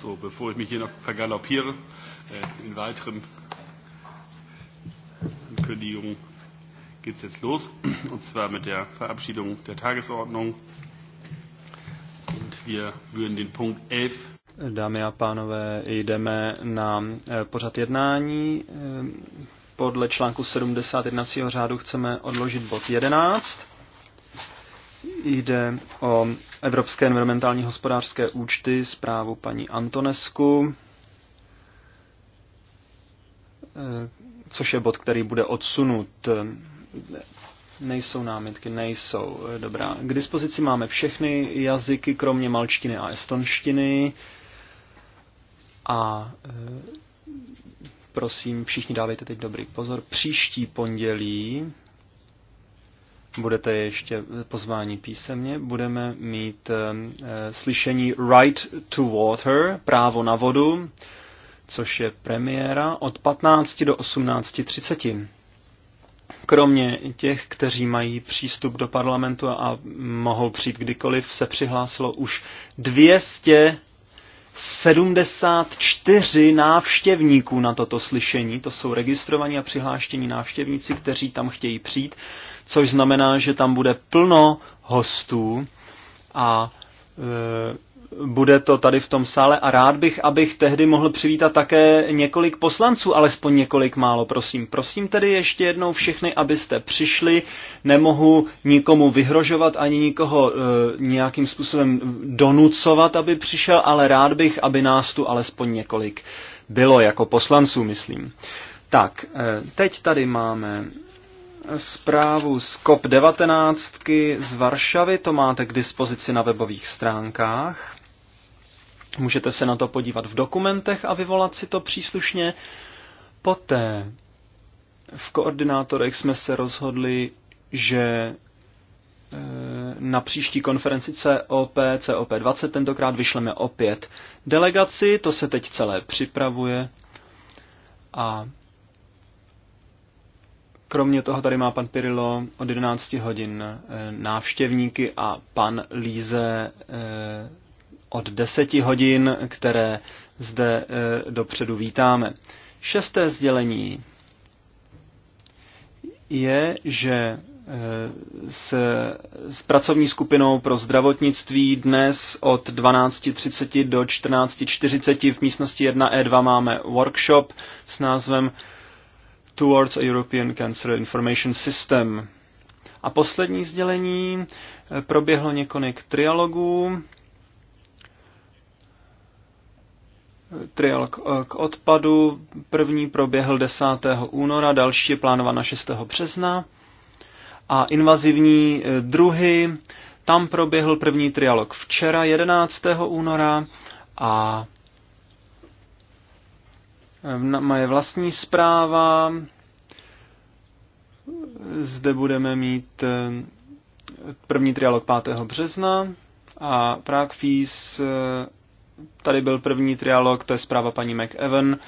So, bevor ich mich hier noch vergaloppiere äh, in weiteren Ankündigungen, geht es jetzt los, und zwar mit der Verabschiedung der Tagesordnung. Und wir würden den Punkt 11. Dámy a pánové, jdeme na eh, pořad jednání. Eh, podle článku 70 jednacího řádu chceme odložit bod 11 Jde o Evropské environmentální hospodářské účty, zprávu paní Antonesku, eh, což je bod, který bude odsunut. Nejsou námitky, nejsou. Eh, dobrá. K dispozici máme všechny jazyky, kromě malčtiny a estonštiny. A eh, prosím, všichni dávejte teď dobrý pozor. Příští pondělí budete ještě pozváni písemně, budeme mít eh, eh, slyšení Right to Water, právo na vodu, což je premiéra od 15 do 18.30. Kromě těch, kteří mají přístup do parlamentu a mohou přijít kdykoliv, se přihlásilo už 200 74 návštěvníků na toto slyšení. To jsou registrovaní a přihláštění návštěvníci, kteří tam chtějí přijít což znamená, že tam bude plno hostů a e, bude to tady v tom sále a rád bych, abych tehdy mohl přivítat také několik poslanců, alespoň několik málo, prosím. Prosím tedy ještě jednou všechny, abyste přišli. Nemohu nikomu vyhrožovat ani nikoho e, nějakým způsobem donucovat, aby přišel, ale rád bych, aby nás tu alespoň několik bylo, jako poslanců, myslím. Tak, e, teď tady máme zprávu z COP19 z Varšavy, to máte k dispozici na webových stránkách. Můžete se na to podívat v dokumentech a vyvolat si to příslušně. Poté v koordinátorech jsme se rozhodli, že eh, na příští konferenci COP, COP20, tentokrát vyšleme opět delegaci, to se teď celé připravuje a Kromě toho tady má pan Pirilo od 11 hodin eh, návštěvníky a pan Líze eh, od 10 hodin, které zde eh, dopředu vítáme. Šesté sdělení je, že s, s pracovní skupinou pro zdravotnictví dnes od 12.30 do 14.40 v místnosti 1E2 e máme workshop s názvem Towards a European Cancer Information System. A poslední sdělení, eh, proběhlo několik trialogů, Trial eh, k odpadu. První proběhl 10. února, další je plánovan na 6. března. A invazivní eh, druhy, tam proběhl první trialog včera 11. února a Ehm, moje vlastní zpráva. Zde budeme mít ehm, první trialog 5. března a Prague Fees, ehm, tady byl první trialog, to je zpráva paní McEwen.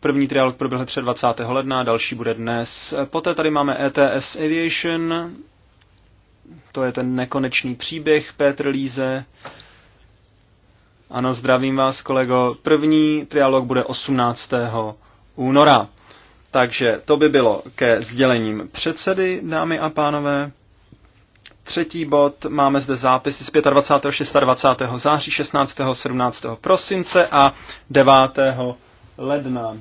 První trialog proběhl 23. ledna, další bude dnes. Poté tady máme ETS Aviation, to je ten nekonečný příběh Petr Líze, ano, zdravím vás, kolego. První trialog bude 18. února. Takže to by bylo ke sdělením předsedy, dámy a pánové. Třetí bod, máme zde zápisy z 25. 26. září, 16. 17. prosince a 9. ledna.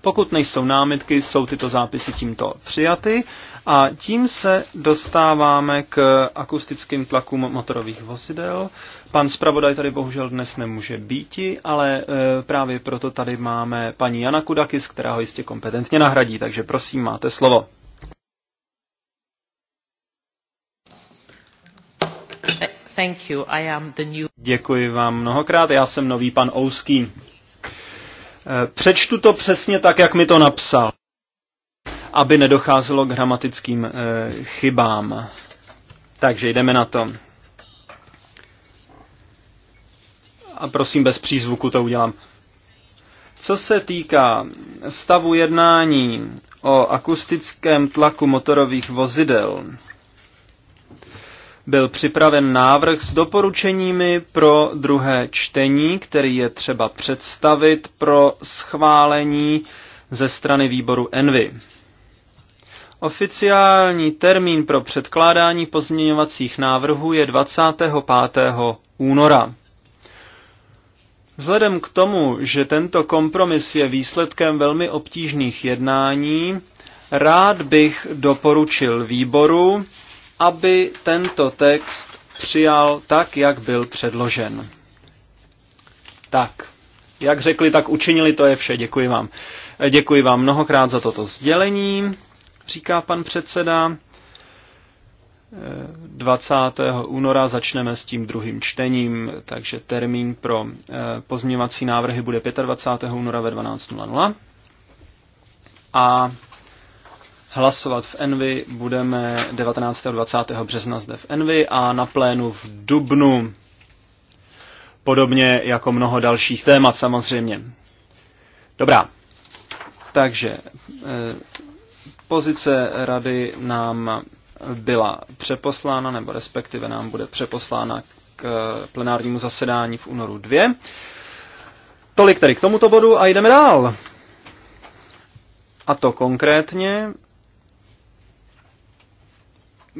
Pokud nejsou námitky, jsou tyto zápisy tímto přijaty a tím se dostáváme k akustickým tlakům motorových vozidel. Pan zpravodaj tady bohužel dnes nemůže býti, ale e, právě proto tady máme paní Jana Kudakis, která ho jistě kompetentně nahradí, takže prosím, máte slovo. Thank you. I am the new... Děkuji vám mnohokrát, já jsem nový pan Ouský. E, přečtu to přesně tak, jak mi to napsal, aby nedocházelo k gramatickým e, chybám. Takže jdeme na to. A prosím, bez přízvuku to udělám. Co se týká stavu jednání o akustickém tlaku motorových vozidel, byl připraven návrh s doporučeními pro druhé čtení, který je třeba představit pro schválení ze strany výboru Envy. Oficiální termín pro předkládání pozměňovacích návrhů je 25. února. Vzhledem k tomu, že tento kompromis je výsledkem velmi obtížných jednání, rád bych doporučil výboru, aby tento text přijal tak, jak byl předložen. Tak, jak řekli, tak učinili, to je vše. Děkuji vám. Děkuji vám mnohokrát za toto sdělení, říká pan předseda. 20. února začneme s tím druhým čtením, takže termín pro eh, pozměňovací návrhy bude 25. února ve 12.00. A hlasovat v Envy budeme 19. a 20. března zde v Envy a na plénu v Dubnu. Podobně jako mnoho dalších témat samozřejmě. Dobrá, takže eh, pozice rady nám byla přeposlána, nebo respektive nám bude přeposlána k eh, plenárnímu zasedání v únoru 2. Tolik tedy k tomuto bodu a jdeme dál. A to konkrétně,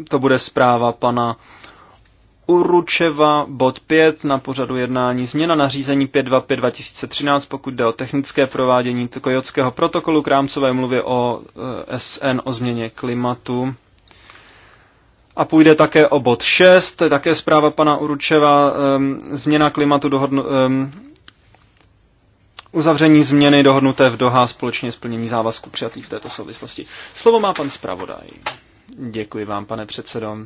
to bude zpráva pana Uručeva, bod 5 na pořadu jednání změna nařízení 525 2013, pokud jde o technické provádění Kojotského protokolu k rámcové mluvě o eh, SN o změně klimatu a půjde také o bod 6, také zpráva pana Uručeva, um, změna klimatu dohodnu, um, uzavření změny dohodnuté v Doha společně s závazku přijatých v této souvislosti. Slovo má pan zpravodaj. Děkuji vám, pane předsedo.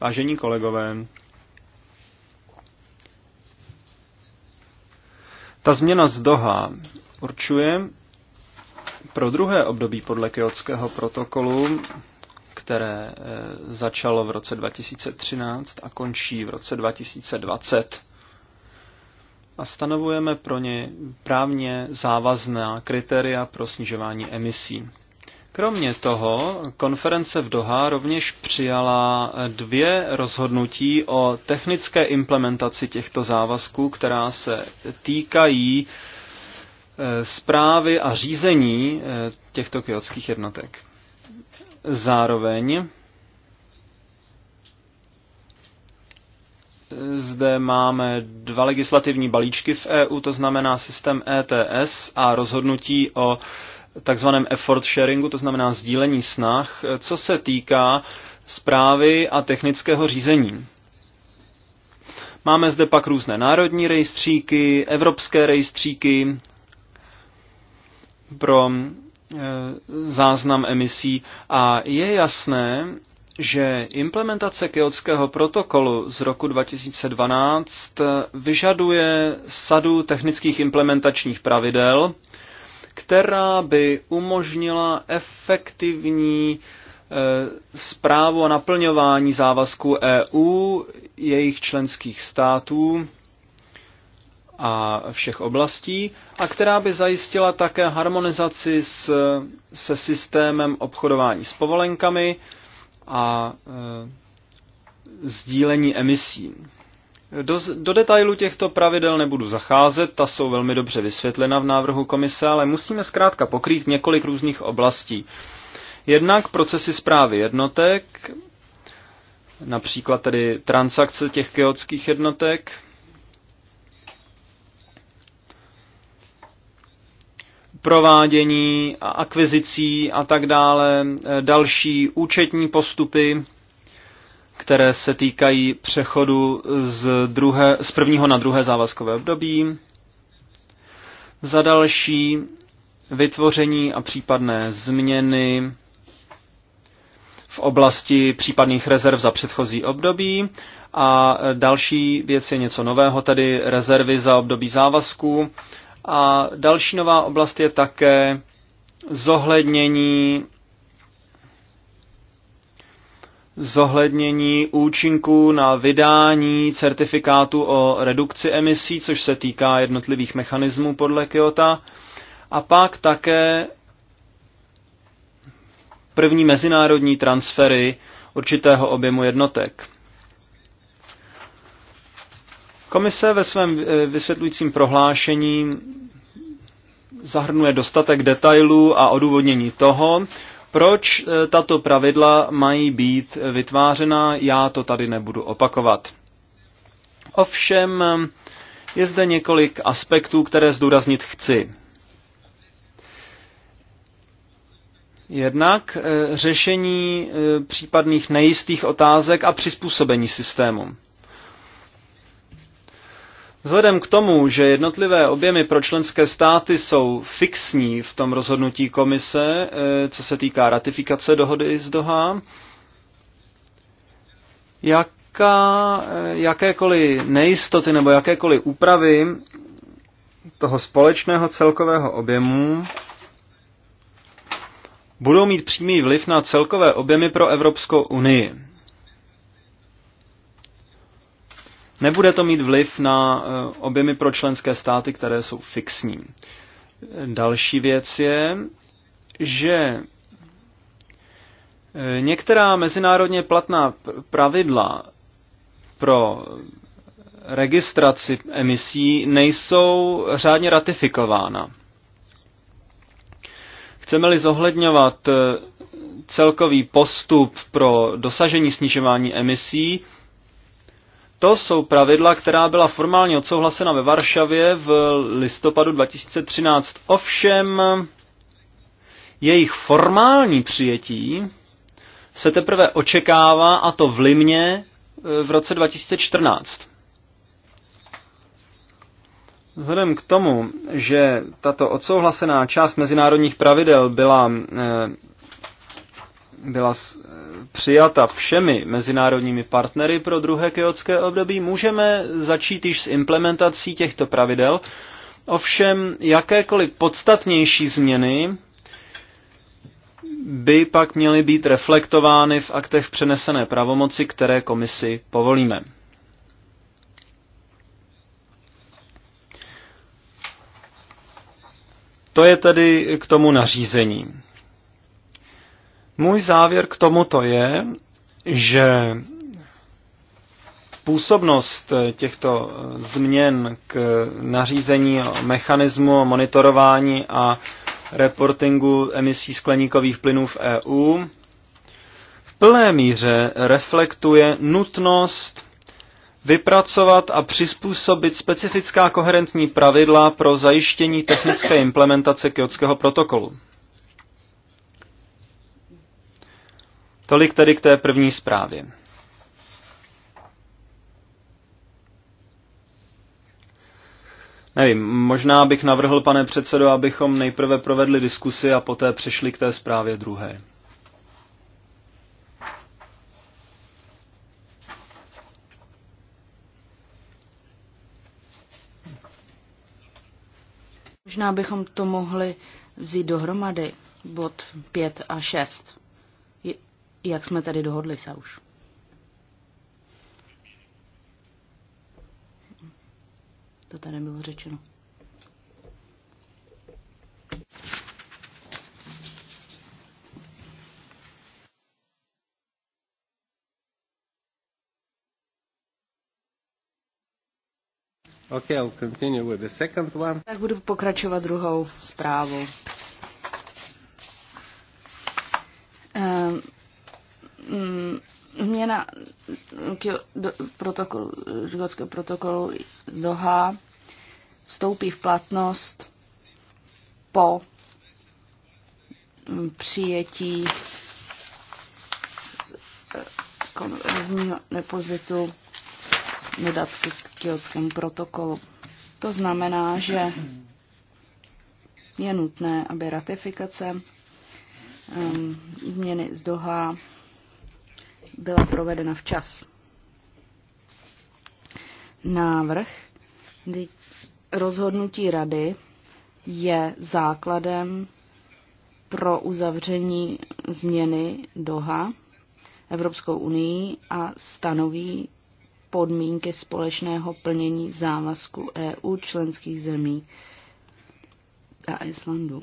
Vážení kolegové, ta změna z Doha určuje pro druhé období podle Kyotského protokolu které eh, začalo v roce 2013 a končí v roce 2020. A stanovujeme pro ně právně závazná kritéria pro snižování emisí. Kromě toho konference v Doha rovněž přijala eh, dvě rozhodnutí o technické implementaci těchto závazků, která se týkají zprávy eh, a řízení těchto kyotských jednotek. Zároveň zde máme dva legislativní balíčky v EU, to znamená systém ETS a rozhodnutí o takzvaném effort sharingu, to znamená sdílení snah, co se týká zprávy a technického řízení. Máme zde pak různé národní rejstříky, evropské rejstříky pro Eh, záznam emisí a je jasné, že implementace Kyotského protokolu z roku 2012 vyžaduje sadu technických implementačních pravidel, která by umožnila efektivní zprávu eh, a naplňování závazků EU, jejich členských států a všech oblastí a která by zajistila také harmonizaci s, se systémem obchodování s povolenkami a e, sdílení emisí. Do, do detailu těchto pravidel nebudu zacházet, ta jsou velmi dobře vysvětlena v návrhu komise, ale musíme zkrátka pokrýt několik různých oblastí. Jednak procesy zprávy jednotek, například tedy transakce těch kyotských jednotek, provádění a akvizicí a tak dále, eh, další účetní postupy, které se týkají přechodu z, druhé, z prvního na druhé závazkové období. Za další vytvoření a případné změny v oblasti případných rezerv za předchozí období. A další věc je něco nového, tedy rezervy za období závazků a další nová oblast je také zohlednění zohlednění účinků na vydání certifikátu o redukci emisí, což se týká jednotlivých mechanismů podle Kyoto. A pak také první mezinárodní transfery určitého objemu jednotek. Komise ve svém eh, vysvětlujícím prohlášení zahrnuje dostatek detailů a odůvodnění toho, proč eh, tato pravidla mají být vytvářena, já to tady nebudu opakovat. Ovšem eh, je zde několik aspektů, které zdůraznit chci. Jednak řešení případných nejistých otázek a přizpůsobení systému. Vzhledem k tomu, že jednotlivé objemy pro členské státy jsou fixní v tom rozhodnutí komise, eh, co se týká ratifikace dohody z Doha, jaká, eh, jakékoliv nejistoty nebo jakékoliv úpravy toho společného celkového objemu budou mít přímý vliv na celkové objemy pro Evropskou unii. Nebude to mít vliv na eh, objemy pro členské státy, které jsou fixní. Další věc je, že eh, některá mezinárodně platná pravidla pro registraci emisí nejsou řádně ratifikována. Chceme-li zohledňovat eh, celkový postup pro dosažení snižování emisí, to jsou pravidla, která byla formálně odsouhlasena ve Varšavě v listopadu 2013. Ovšem, jejich formální přijetí se teprve očekává, a to v Limně e, v roce 2014. Vzhledem k tomu, že tato odsouhlasená část mezinárodních pravidel byla e, byla přijata všemi mezinárodními partnery pro druhé kyotské období, můžeme začít již s implementací těchto pravidel. Ovšem, jakékoliv podstatnější změny by pak měly být reflektovány v aktech přenesené pravomoci, které komisi povolíme. To je tedy k tomu nařízení. Můj závěr k tomuto je, že působnost těchto změn k nařízení mechanismu monitorování a reportingu emisí skleníkových plynů v EU v plné míře reflektuje nutnost vypracovat a přizpůsobit specifická koherentní pravidla pro zajištění technické implementace Kyotského protokolu. Tolik tedy k té první zprávě. Nevím, možná bych navrhl, pane předsedo, abychom nejprve provedli diskusi a poté přešli k té zprávě druhé. Možná bychom to mohli vzít dohromady bod 5 a 6. Jak jsme tady dohodli se už? To tady bylo řečeno. Okay, I'll continue with the second one. Tak budu pokračovat druhou zprávou. změna protokolu, protokolu, protokolu Doha vstoupí v platnost po přijetí eh, konverzního depozitu dodatky k kiotskému protokolu. To znamená, že je nutné, aby ratifikace um, změny z Doha byla provedena včas. Návrh rozhodnutí rady je základem pro uzavření změny Doha Evropskou unii a stanoví podmínky společného plnění závazku EU členských zemí a Islandu.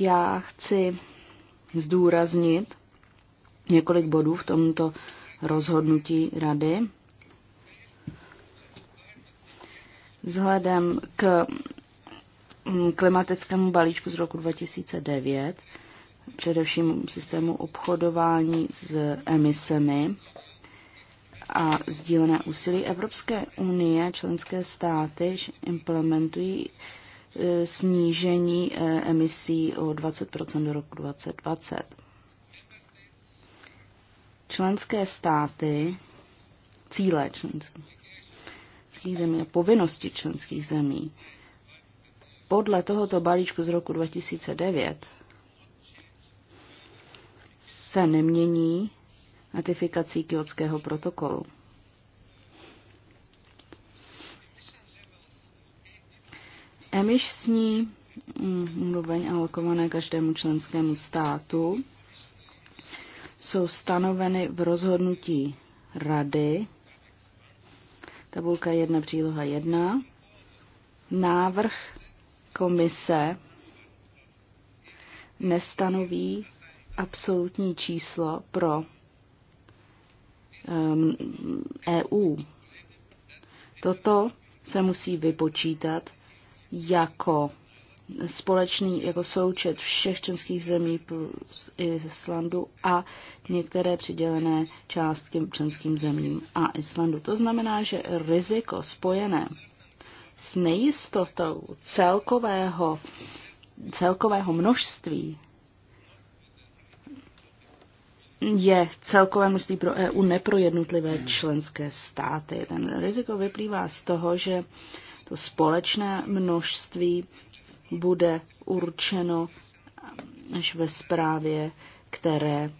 Já chci zdůraznit několik bodů v tomto rozhodnutí rady. Vzhledem k mm, klimatickému balíčku z roku 2009, především systému obchodování s emisemi a sdílené úsilí Evropské unie, členské státy implementují E, snížení e, emisí o 20 do roku 2020. Členské státy, cíle členských zemí a povinnosti členských zemí podle tohoto balíčku z roku 2009 se nemění ratifikací kyotského protokolu. emisní mm, úroveň alokované každému členskému státu jsou stanoveny v rozhodnutí rady, tabulka 1, příloha 1, návrh komise nestanoví absolutní číslo pro um, EU. Toto se musí vypočítat jako společný jako součet všech členských zemí plus Islandu a některé přidělené částky členským zemím a Islandu. To znamená, že riziko spojené s nejistotou celkového, celkového množství je celkové množství pro EU, ne pro jednotlivé členské státy. Ten riziko vyplývá z toho, že to společné množství bude určeno až ve zprávě, které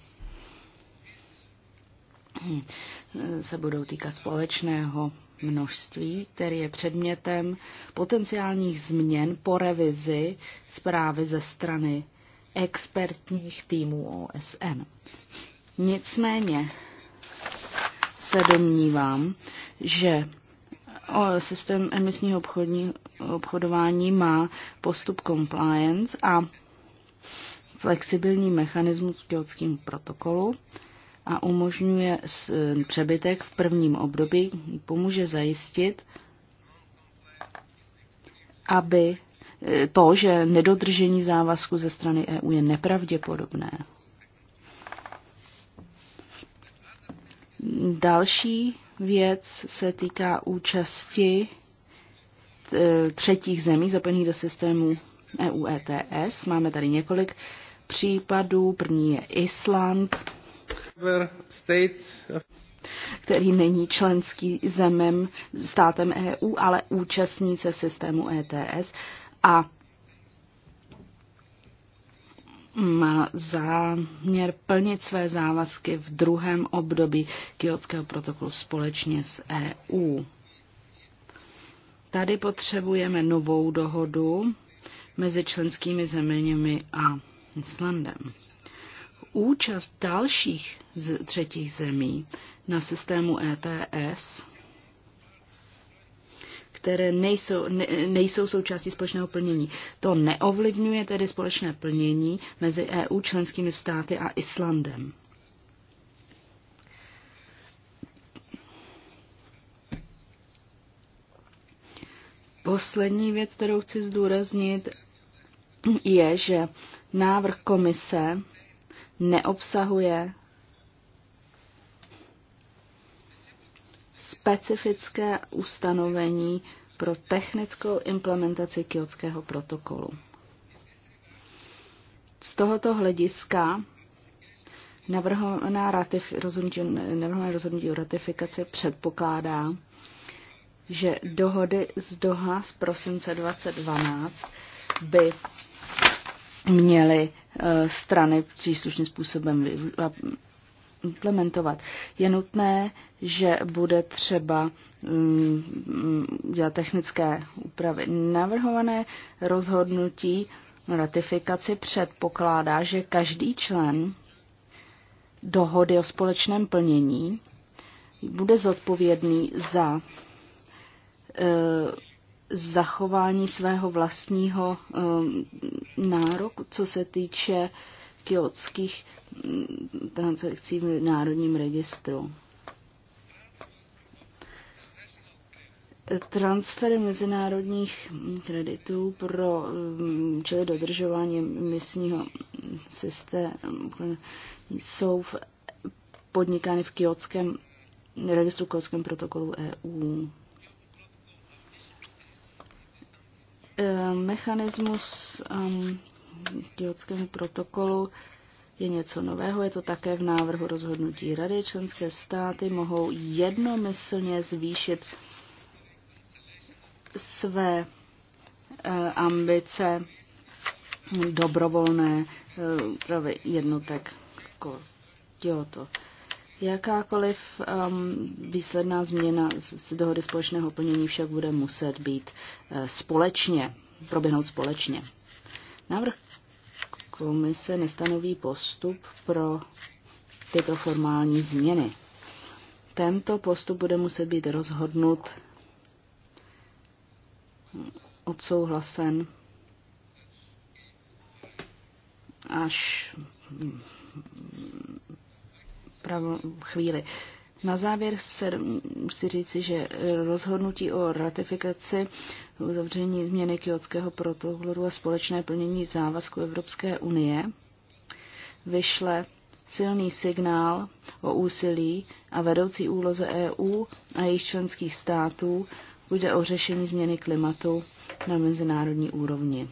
se budou týkat společného množství, který je předmětem potenciálních změn po revizi zprávy ze strany expertních týmů OSN. Nicméně se domnívám, že systém emisního obchodní, obchodování má postup compliance a flexibilní mechanismus k kyotskému protokolu a umožňuje přebytek v prvním období, pomůže zajistit, aby e, to, že nedodržení závazku ze strany EU je nepravděpodobné. Další věc se týká účasti třetích zemí zapojených do systému EU ETS. Máme tady několik případů. První je Island, který není členský zemem, státem EU, ale účastní se systému ETS. A má záměr plnit své závazky v druhém období Kyotského protokolu společně s EU. Tady potřebujeme novou dohodu mezi členskými zeměmi a Islandem. Účast dalších z třetích zemí na systému ETS které nejsou, ne, nejsou součástí společného plnění. To neovlivňuje tedy společné plnění mezi EU, členskými státy a Islandem. Poslední věc, kterou chci zdůraznit, je, že návrh komise neobsahuje specifické ustanovení pro technickou implementaci Kyotského protokolu. Z tohoto hlediska navrhovaná rozhodnutí, navrhovaná rozhodnutí o ratifikaci předpokládá, že dohody z Doha z prosince 2012 by měly eh, strany příslušným způsobem implementovat. Je nutné, že bude třeba mm, dělat technické úpravy. Navrhované rozhodnutí ratifikaci předpokládá, že každý člen dohody o společném plnění bude zodpovědný za e, zachování svého vlastního e, nároku, co se týče kiotských mm, transakcí v Národním registru. Transfery mezinárodních kreditů pro mm, čili dodržování misního systému jsou v, podnikány v kiotském registru kiotském protokolu EU. E, mechanismus um, kiotskému protokolu je něco nového, je to také v návrhu rozhodnutí Rady. Členské státy mohou jednomyslně zvýšit své eh, ambice dobrovolné eh, právě jednotek jako Kyoto. Jakákoliv um, výsledná změna z, z dohody společného plnění však bude muset být uh, společně, proběhnout společně. Návrh komise nestanoví postup pro tyto formální změny. Tento postup bude muset být rozhodnut, eh, odsouhlasen až hm, hm, pravou chvíli. Na závěr se, chci říci, že eh, rozhodnutí o ratifikaci uzavření změny Kyotského protokolu a společné plnění závazku Evropské unie vyšle silný signál o úsilí a vedoucí úloze EU a jejich členských států bude o řešení změny klimatu na mezinárodní úrovni.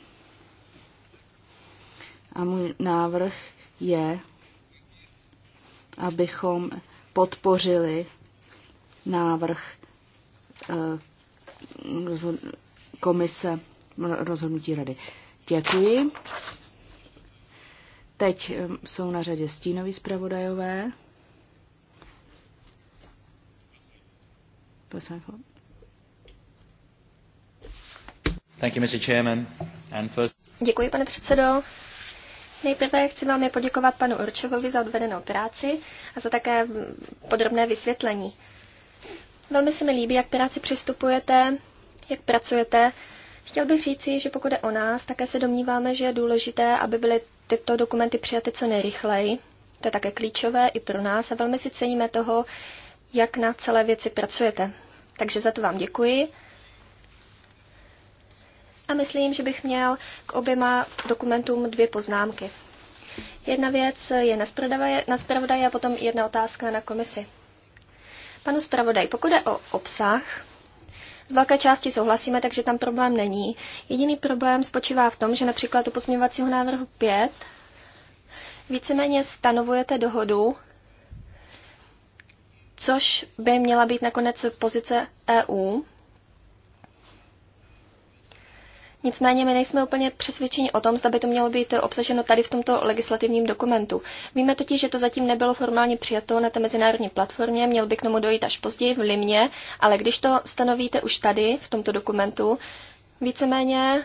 A můj návrh je, abychom podpořili návrh eh, komise rozhodnutí rady. Děkuji. Teď eh, jsou na řadě stínoví zpravodajové. Děkuji, pane předsedo. Nejprve chci je poděkovat panu Určovovi za odvedenou práci a za také podrobné vysvětlení. Velmi se mi líbí, jak práci přistupujete, jak pracujete. Chtěl bych říci, že pokud je o nás, také se domníváme, že je důležité, aby byly tyto dokumenty přijaty co nejrychleji. To je také klíčové i pro nás a velmi si ceníme toho, jak na celé věci pracujete. Takže za to vám děkuji a myslím, že bych měl k oběma dokumentům dvě poznámky. Jedna věc je na zpravodaji a potom jedna otázka na komisi. Panu zpravodaj, pokud je o obsah, z velké části souhlasíme, takže tam problém není. Jediný problém spočívá v tom, že například u pozměňovacího návrhu 5 víceméně stanovujete dohodu, což by měla být nakonec pozice EU Nicméně my nejsme úplně přesvědčeni o tom, zda by to mělo být obsaženo tady v tomto legislativním dokumentu. Víme totiž, že to zatím nebylo formálně přijato na té mezinárodní platformě, měl by k tomu dojít až později v Limě, ale když to stanovíte už tady v tomto dokumentu, víceméně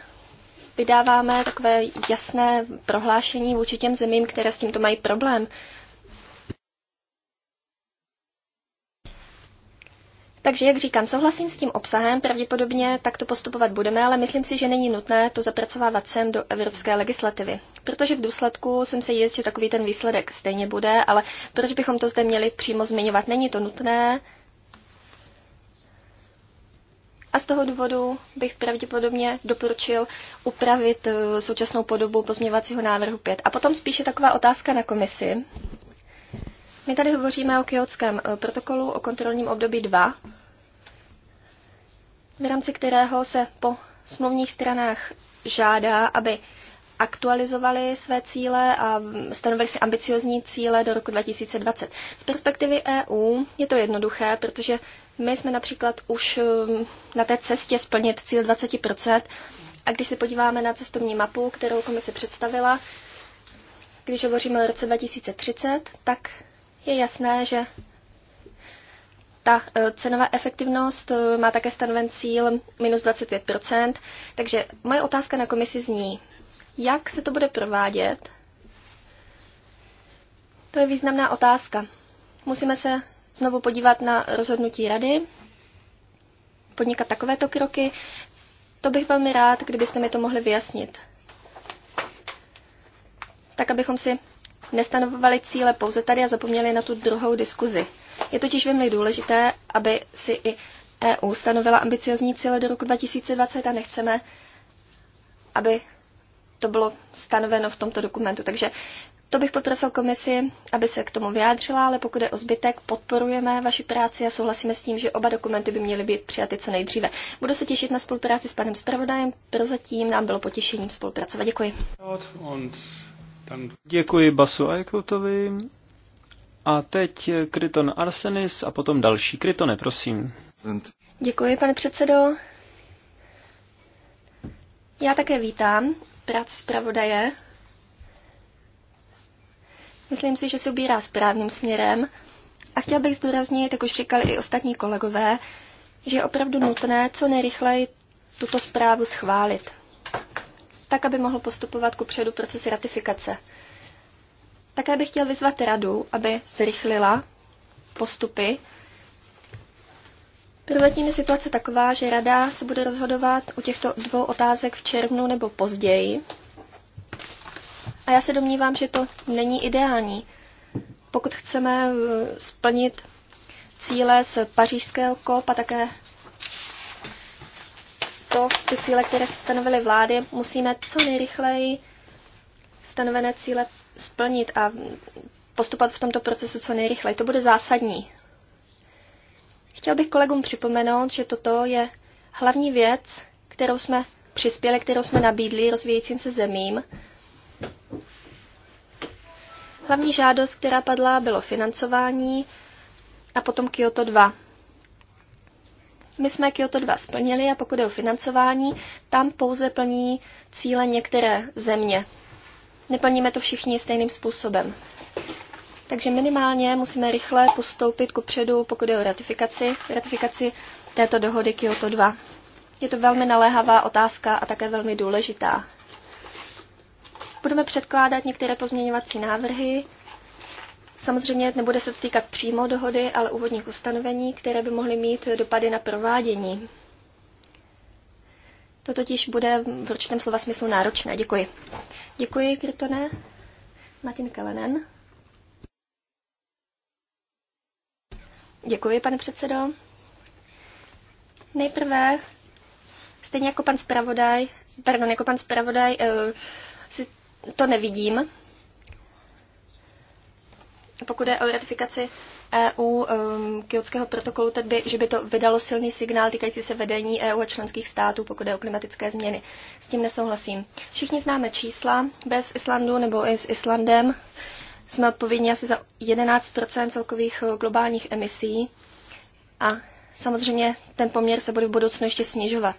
vydáváme takové jasné prohlášení vůči těm zemím, které s tímto mají problém. Takže, jak říkám, souhlasím s tím obsahem, pravděpodobně takto postupovat budeme, ale myslím si, že není nutné to zapracovávat sem do evropské legislativy. Protože v důsledku jsem se jist, že takový ten výsledek stejně bude, ale proč bychom to zde měli přímo zmiňovat? Není to nutné. A z toho důvodu bych pravděpodobně doporučil upravit eh, současnou podobu pozměňovacího návrhu 5. A potom spíše taková otázka na komisi. My tady hovoříme o kyotském eh, protokolu o kontrolním období 2, v rámci kterého se po smluvních stranách žádá, aby aktualizovali své cíle a stanovili si ambiciozní cíle do roku 2020. Z perspektivy EU je to jednoduché, protože my jsme například už ehm, na té cestě splnit cíl 20%, a když se podíváme na cestovní mapu, kterou komise představila, když hovoříme o roce 2030, tak je jasné, že ta e, cenová efektivnost e, má také stanoven cíl minus 25%, takže moje otázka na komisi zní, jak se to bude provádět? To je významná otázka. Musíme se znovu podívat na rozhodnutí rady, podnikat takovéto kroky. To bych velmi rád, kdybyste mi to mohli vyjasnit. Tak, abychom si nestanovovali cíle pouze tady a zapomněli na tu druhou diskuzi. Je totiž velmi důležité, aby si i EU stanovila ambiciozní cíle do roku 2020 a nechceme, aby to bylo stanoveno v tomto dokumentu. Takže to bych poprosil komisi, aby se k tomu vyjádřila, ale pokud je o zbytek, podporujeme vaši práci a souhlasíme s tím, že oba dokumenty by měly být přijaty co nejdříve. Budu se těšit na spolupráci s panem zpravodajem, prozatím nám bylo potěšením spolupracovat. Děkuji. Děkuji Basu Aikoutovi. A teď Kryton Arsenis a potom další. Krytone, prosím. Děkuji, pane předsedo. Já také vítám práci zpravodaje. Myslím si, že se ubírá správným směrem a chtěl bych zdůraznit, jak už říkali i ostatní kolegové, že je opravdu nutné co nejrychleji tuto zprávu schválit tak aby mohl postupovat ku předu procesy ratifikace. Také bych chtěl vyzvat radu, aby zrychlila postupy. Prozatím je situace taková, že rada se bude rozhodovat u těchto dvou otázek v červnu nebo později. A já se domnívám, že to není ideální. Pokud chceme eh, splnit cíle z pařížského kop a také to, ty cíle, které se stanovily vlády, musíme co nejrychleji stanovené cíle splnit a postupovat v tomto procesu co nejrychleji. To bude zásadní. Chtěl bych kolegům připomenout, že toto je hlavní věc, kterou jsme přispěli, kterou jsme nabídli rozvíjejícím se zemím. Hlavní žádost, která padla, bylo financování a potom Kyoto 2. My jsme Kyoto 2 splnili a pokud je o financování, tam pouze plní cíle některé země. Neplníme to všichni stejným způsobem. Takže minimálně musíme rychle postoupit ku předu, pokud je o ratifikaci, ratifikaci této dohody Kyoto 2. Je to velmi naléhavá otázka a také velmi důležitá. Budeme předkládat některé pozměňovací návrhy, Samozřejmě nebude se to týkat přímo dohody, ale úvodních ustanovení, které by mohly mít dopady na provádění. To totiž bude v určitém slova smyslu náročné. Děkuji. Děkuji, Krytone. Martin Kalenen. Děkuji, pane předsedo. Nejprve, stejně jako pan zpravodaj, pardon, jako pan zpravodaj, eh, si to nevidím, pokud je o ratifikaci EU um, kyotského protokolu, tak by, že by to vydalo silný signál týkající se vedení EU a členských států, pokud je o klimatické změny. S tím nesouhlasím. Všichni známe čísla. Bez Islandu nebo i s Islandem jsme odpovědní asi za 11 celkových eh, globálních emisí a samozřejmě ten poměr se bude v budoucnu ještě snižovat.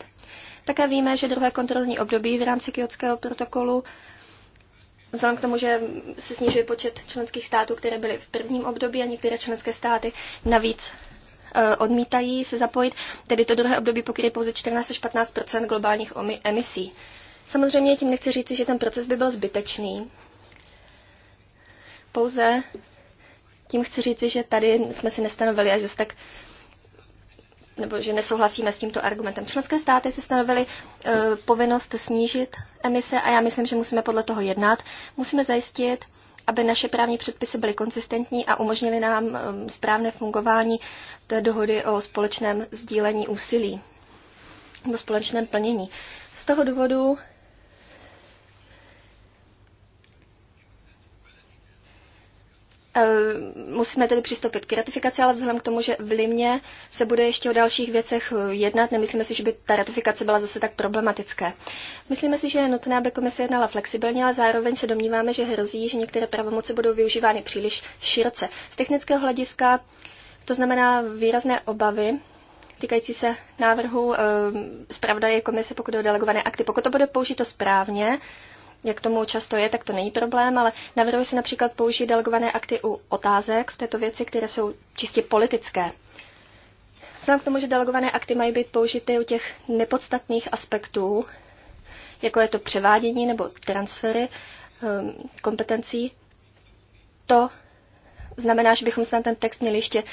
Také víme, že druhé kontrolní období v rámci kyotského protokolu Vzhledem k tomu, že se snižuje počet členských států, které byly v prvním období a některé členské státy navíc e, odmítají se zapojit, tedy to druhé období pokryje pouze 14 až 15 globálních emisí. Samozřejmě tím nechci říct, že ten proces by byl zbytečný. Pouze tím chci říci, že tady jsme si nestanovili až zase tak nebo že nesouhlasíme s tímto argumentem. Členské státy si stanovily e, povinnost snížit emise a já myslím, že musíme podle toho jednat. Musíme zajistit, aby naše právní předpisy byly konsistentní a umožnili nám e, správné fungování té dohody o společném sdílení úsilí nebo společném plnění. Z toho důvodu Eh, musíme tedy přistoupit k ratifikaci, ale vzhledem k tomu, že v Limě se bude ještě o dalších věcech eh, jednat, nemyslíme si, že by ta ratifikace byla zase tak problematická. Myslíme si, že je nutné, aby komise jednala flexibilně, ale zároveň se domníváme, že hrozí, že některé pravomoci budou využívány příliš široce. Z technického hlediska to znamená výrazné obavy týkající se návrhu e, zpravodaje komise, pokud o delegované akty. Pokud to bude použito správně, jak tomu často je, tak to není problém, ale navrhuje se například použít delegované akty u otázek v této věci, které jsou čistě politické. Vzhledem k tomu, že delegované akty mají být použity u těch nepodstatných aspektů, jako je to převádění nebo transfery ehm, kompetencí, to znamená, že bychom se na ten text měli ještě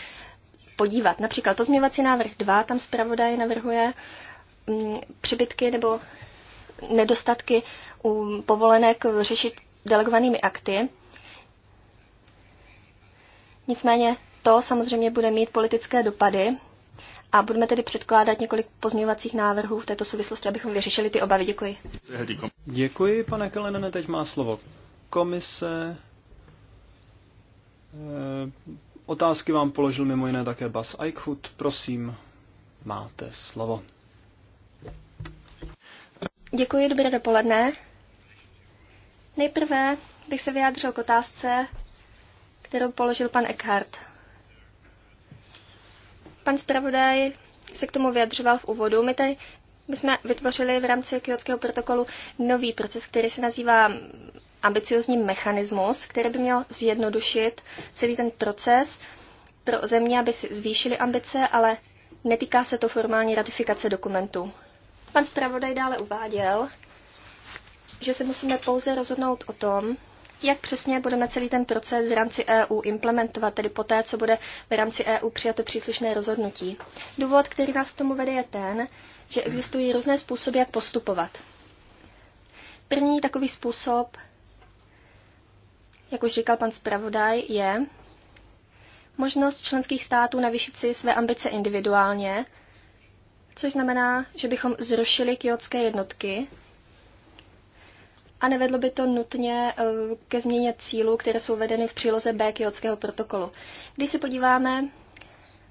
podívat. Například pozměvací návrh 2, tam zpravodaj navrhuje mm, přebytky nebo nedostatky u povolenek řešit delegovanými akty. Nicméně to samozřejmě bude mít politické dopady a budeme tedy předkládat několik pozměňovacích návrhů v této souvislosti, abychom vyřešili ty obavy. Děkuji. Děkuji, pane Kalenene. Teď má slovo komise. Eh, otázky vám položil mimo jiné také Bas Eichhut. Prosím, máte slovo. Děkuji, dobré dopoledne. Nejprve bych se vyjádřil k otázce, kterou položil pan Eckhart. Pan zpravodaj se k tomu vyjadřoval v úvodu. My tady my jsme vytvořili v rámci Kyotského protokolu nový proces, který se nazývá ambiciozní mechanismus, který by měl zjednodušit celý ten proces pro země, aby si zvýšili ambice, ale netýká se to formální ratifikace dokumentů. Pan zpravodaj dále uváděl, že se musíme pouze rozhodnout o tom, jak přesně budeme celý ten proces v rámci EU implementovat, tedy poté, co bude v rámci EU přijato příslušné rozhodnutí. Důvod, který nás k tomu vede, je ten, že existují různé způsoby, jak postupovat. První takový způsob, jak už říkal pan zpravodaj, je možnost členských států navýšit si své ambice individuálně což znamená, že bychom zrušili kyotské jednotky a nevedlo by to nutně eh, ke změně cílů, které jsou vedeny v příloze B kyotského protokolu. Když se podíváme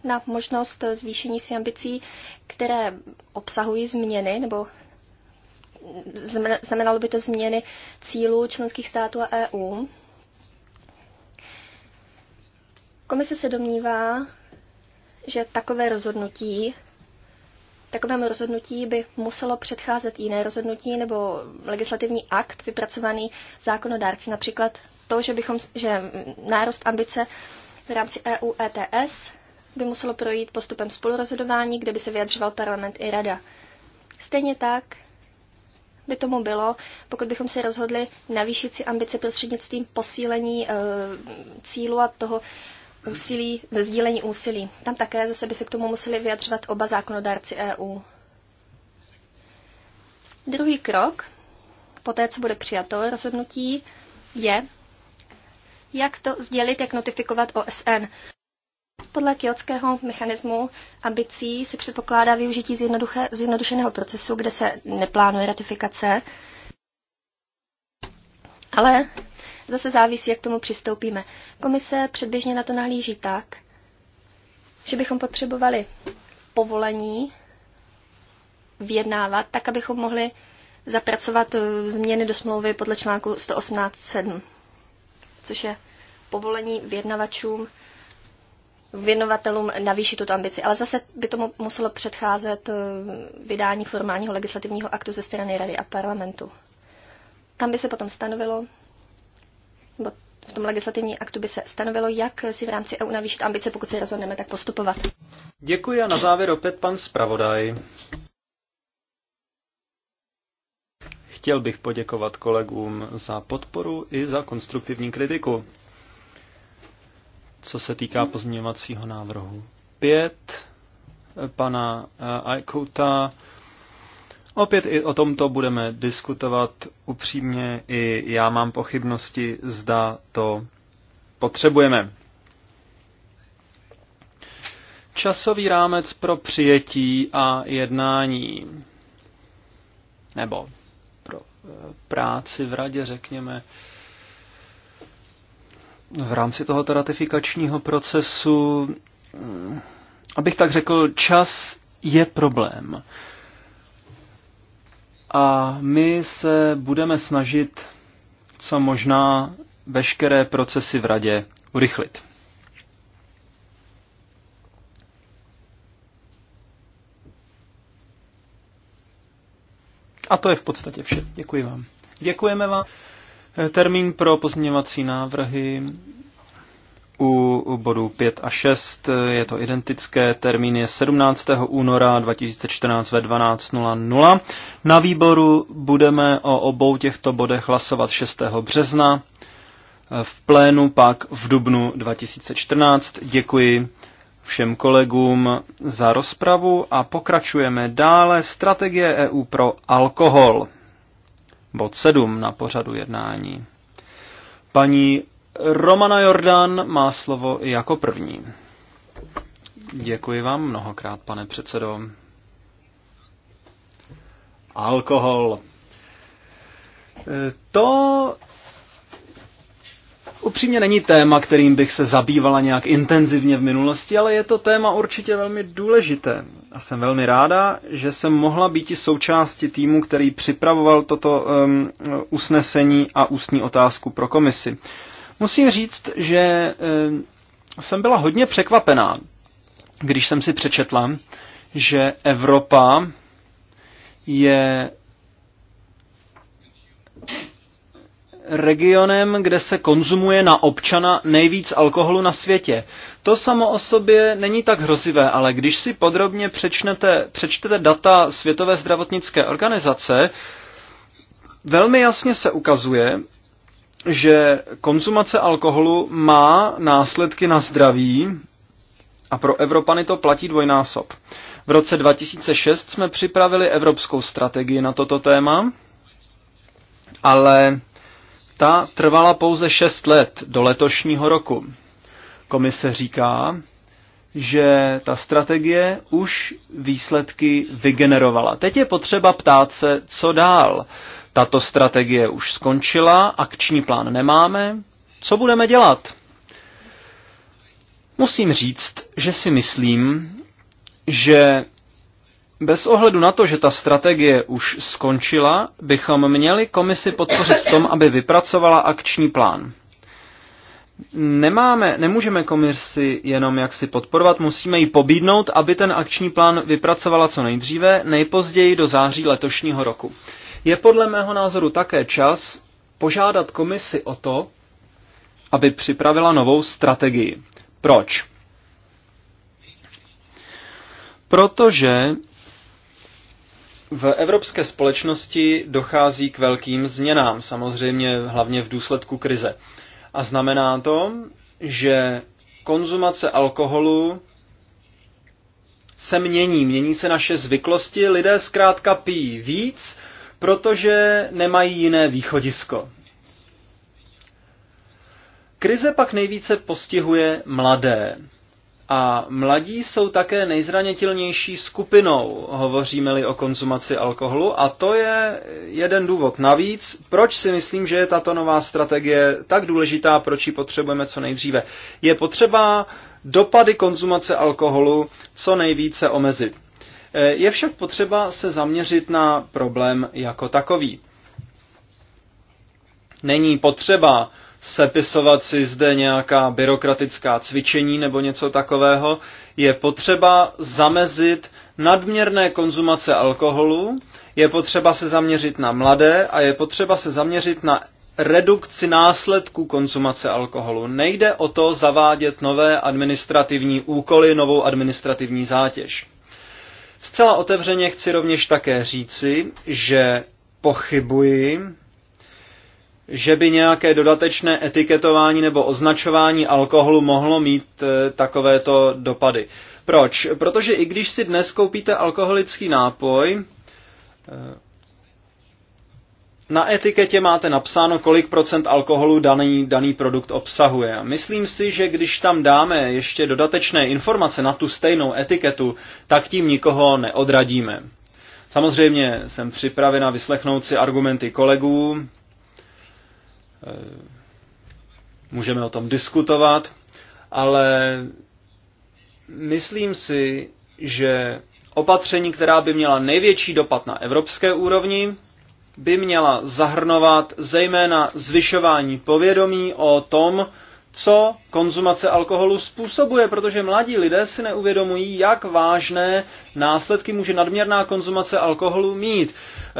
na možnost zvýšení si ambicí, které obsahují změny, nebo znamenalo by to změny cílů členských států a EU. Komise se domnívá, že takové rozhodnutí takovému rozhodnutí by muselo předcházet jiné rozhodnutí nebo legislativní akt vypracovaný zákonodárci. Například to, že, bychom, že nárost ambice v rámci EU ETS by muselo projít postupem spolurozhodování, kde by se vyjadřoval parlament i rada. Stejně tak by tomu bylo, pokud bychom se rozhodli navýšit si ambice prostřednictvím posílení e, cílu a toho úsilí, ze sdílení úsilí. Tam také zase by se k tomu museli vyjadřovat oba zákonodárci EU. Druhý krok, po té, co bude přijato rozhodnutí, je, jak to sdělit, jak notifikovat OSN. Podle kiotského mechanismu ambicí se předpokládá využití zjednodušeného procesu, kde se neplánuje ratifikace, ale zase závisí, jak tomu přistoupíme. Komise předběžně na to nahlíží tak, že bychom potřebovali povolení vyjednávat, tak abychom mohli zapracovat eh, změny do smlouvy podle článku 118.7, což je povolení vyjednavačům, věnovatelům navýšit tuto ambici. Ale zase by tomu muselo předcházet eh, vydání formálního legislativního aktu ze strany Rady a parlamentu. Tam by se potom stanovilo, nebo v tom legislativním aktu by se stanovilo, jak si v rámci EU navýšit ambice, pokud se rozhodneme tak postupovat. Děkuji a na závěr opět pan zpravodaj. Chtěl bych poděkovat kolegům za podporu i za konstruktivní kritiku. Co se týká pozměňovacího návrhu 5 pana eh, Aikouta, Opět i o tomto budeme diskutovat upřímně, i já mám pochybnosti, zda to potřebujeme. Časový rámec pro přijetí a jednání nebo pro eh, práci v radě, řekněme, v rámci tohoto ratifikačního procesu, mm, abych tak řekl, čas je problém. A my se budeme snažit co možná veškeré procesy v radě urychlit. A to je v podstatě vše. Děkuji vám. Děkujeme vám. Termín pro pozměňovací návrhy u bodů 5 a 6 je to identické. Termín je 17. února 2014 ve 12.00. Na výboru budeme o obou těchto bodech hlasovat 6. března, v plénu pak v dubnu 2014. Děkuji všem kolegům za rozpravu a pokračujeme dále. Strategie EU pro alkohol. Bod 7 na pořadu jednání. Paní Romana Jordan má slovo jako první. Děkuji vám mnohokrát, pane předsedo. Alkohol. To upřímně není téma, kterým bych se zabývala nějak intenzivně v minulosti, ale je to téma určitě velmi důležité. A jsem velmi ráda, že jsem mohla být i součástí týmu, který připravoval toto um, usnesení a ústní otázku pro komisi. Uh, Musím říct, že eh, jsem byla hodně překvapená, když jsem si přečetla, že Evropa je regionem, kde se konzumuje na občana nejvíc alkoholu na světě. To samo o sobě není tak hrozivé, ale když si podrobně přečnete, přečtete data Světové zdravotnické organizace, velmi jasně se ukazuje, že konzumace alkoholu má následky na zdraví a pro Evropany to platí dvojnásob. V roce 2006 jsme připravili evropskou strategii na toto téma, ale ta trvala pouze 6 let do letošního roku. Komise říká, že ta strategie už výsledky vygenerovala. Teď je potřeba ptát se, co dál. Tato strategie už skončila, akční plán nemáme, co budeme dělat? Musím říct, že si myslím, že bez ohledu na to, že ta strategie už skončila, bychom měli komisi podpořit v tom, aby vypracovala akční plán nemáme, nemůžeme komisi jenom jak si podporovat, musíme ji pobídnout, aby ten akční plán vypracovala co nejdříve, nejpozději do září letošního roku. Je podle mého názoru také čas požádat komisi o to, aby připravila novou strategii. Proč? Protože v evropské společnosti dochází k velkým změnám, samozřejmě hlavně v důsledku krize. A znamená to, že konzumace alkoholu se mění, mění se naše zvyklosti, lidé zkrátka pijí víc, protože nemají jiné východisko. Krize pak nejvíce postihuje mladé, a mladí jsou také nejzranitelnější skupinou, hovoříme-li o konzumaci alkoholu, a to je jeden důvod navíc, proč si myslím, že je tato nová strategie tak důležitá, proč ji potřebujeme co nejdříve. Je potřeba dopady konzumace alkoholu co nejvíce omezit. Je však potřeba se zaměřit na problém jako takový. Není potřeba sepisovat si zde nějaká byrokratická cvičení nebo něco takového. Je potřeba zamezit nadměrné konzumace alkoholu, je potřeba se zaměřit na mladé a je potřeba se zaměřit na redukci následků konzumace alkoholu. Nejde o to zavádět nové administrativní úkoly, novou administrativní zátěž. Zcela otevřeně chci rovněž také říci, že pochybuji že by nějaké dodatečné etiketování nebo označování alkoholu mohlo mít eh, takovéto dopady. Proč? Protože i když si dnes koupíte alkoholický nápoj, eh, na etiketě máte napsáno, kolik procent alkoholu daný, daný produkt obsahuje. Myslím si, že když tam dáme ještě dodatečné informace na tu stejnou etiketu, tak tím nikoho neodradíme. Samozřejmě jsem připravena vyslechnout si argumenty kolegů, Eh, můžeme o tom diskutovat, ale myslím si, že opatření, která by měla největší dopad na evropské úrovni, by měla zahrnovat zejména zvyšování povědomí o tom, co konzumace alkoholu způsobuje, protože mladí lidé si neuvědomují, jak vážné následky může nadměrná konzumace alkoholu mít,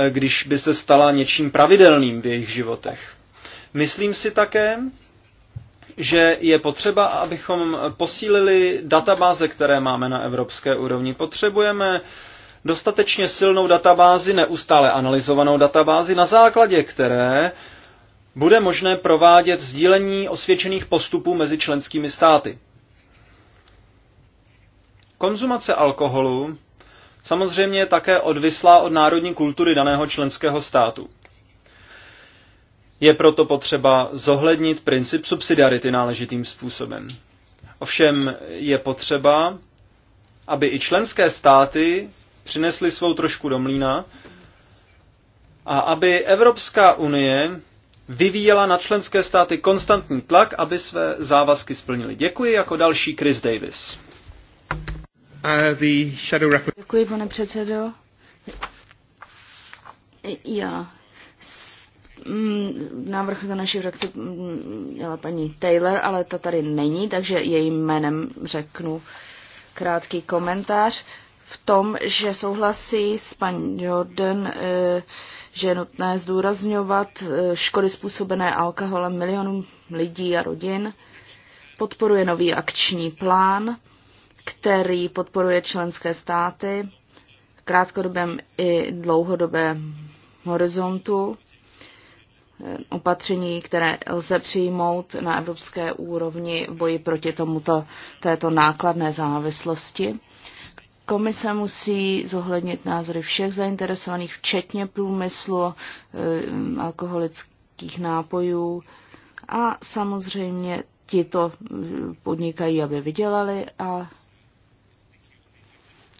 eh, když by se stala něčím pravidelným v jejich životech. Myslím si také, že je potřeba, abychom posílili databáze, které máme na evropské úrovni. Potřebujeme dostatečně silnou databázi, neustále analyzovanou databázi, na základě které bude možné provádět sdílení osvědčených postupů mezi členskými státy. Konzumace alkoholu samozřejmě je také odvislá od národní kultury daného členského státu. Je proto potřeba zohlednit princip subsidiarity náležitým způsobem. Ovšem je potřeba, aby i členské státy přinesly svou trošku do mlína a aby Evropská unie vyvíjela na členské státy konstantní tlak, aby své závazky splnili. Děkuji jako další Chris Davis. Uh, Děkuji, pane předsedo. Já Mm, návrh za naši frakci měla mm, paní Taylor, ale ta tady není, takže jejím jménem řeknu krátký komentář v tom, že souhlasí s paní Jordan, eh, že je nutné zdůrazňovat eh, škody způsobené alkoholem milionům lidí a rodin. Podporuje nový akční plán, který podporuje členské státy v krátkodobém i dlouhodobém horizontu Eh, opatření, které lze přijmout na evropské úrovni v boji proti tomuto, této nákladné závislosti. Komise musí zohlednit názory všech zainteresovaných, včetně průmyslu, eh, alkoholických nápojů a samozřejmě ti to eh, podnikají, aby vydělali a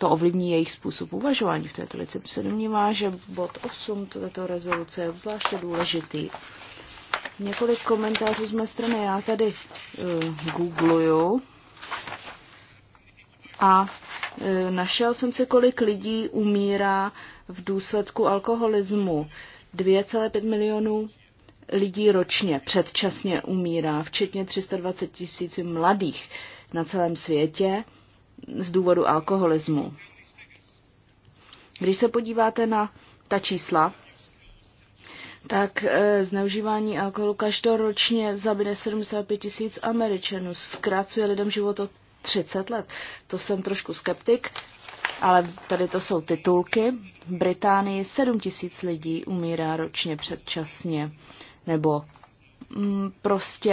to ovlivní jejich způsob uvažování v této věci. Se domnívá, že bod 8 této rezoluce je obzvláště důležitý. Několik komentářů z mé strany. Já tady uh, googluju a uh, našel jsem si, kolik lidí umírá v důsledku alkoholismu. 2,5 milionů lidí ročně předčasně umírá, včetně 320 tisíc mladých na celém světě z důvodu alkoholismu. Když se podíváte na ta čísla, tak e, zneužívání alkoholu každoročně zabine 75 tisíc Američanů, zkracuje lidem život o 30 let. To jsem trošku skeptik, ale tady to jsou titulky. V Británii 7 tisíc lidí umírá ročně předčasně nebo Mm, prostě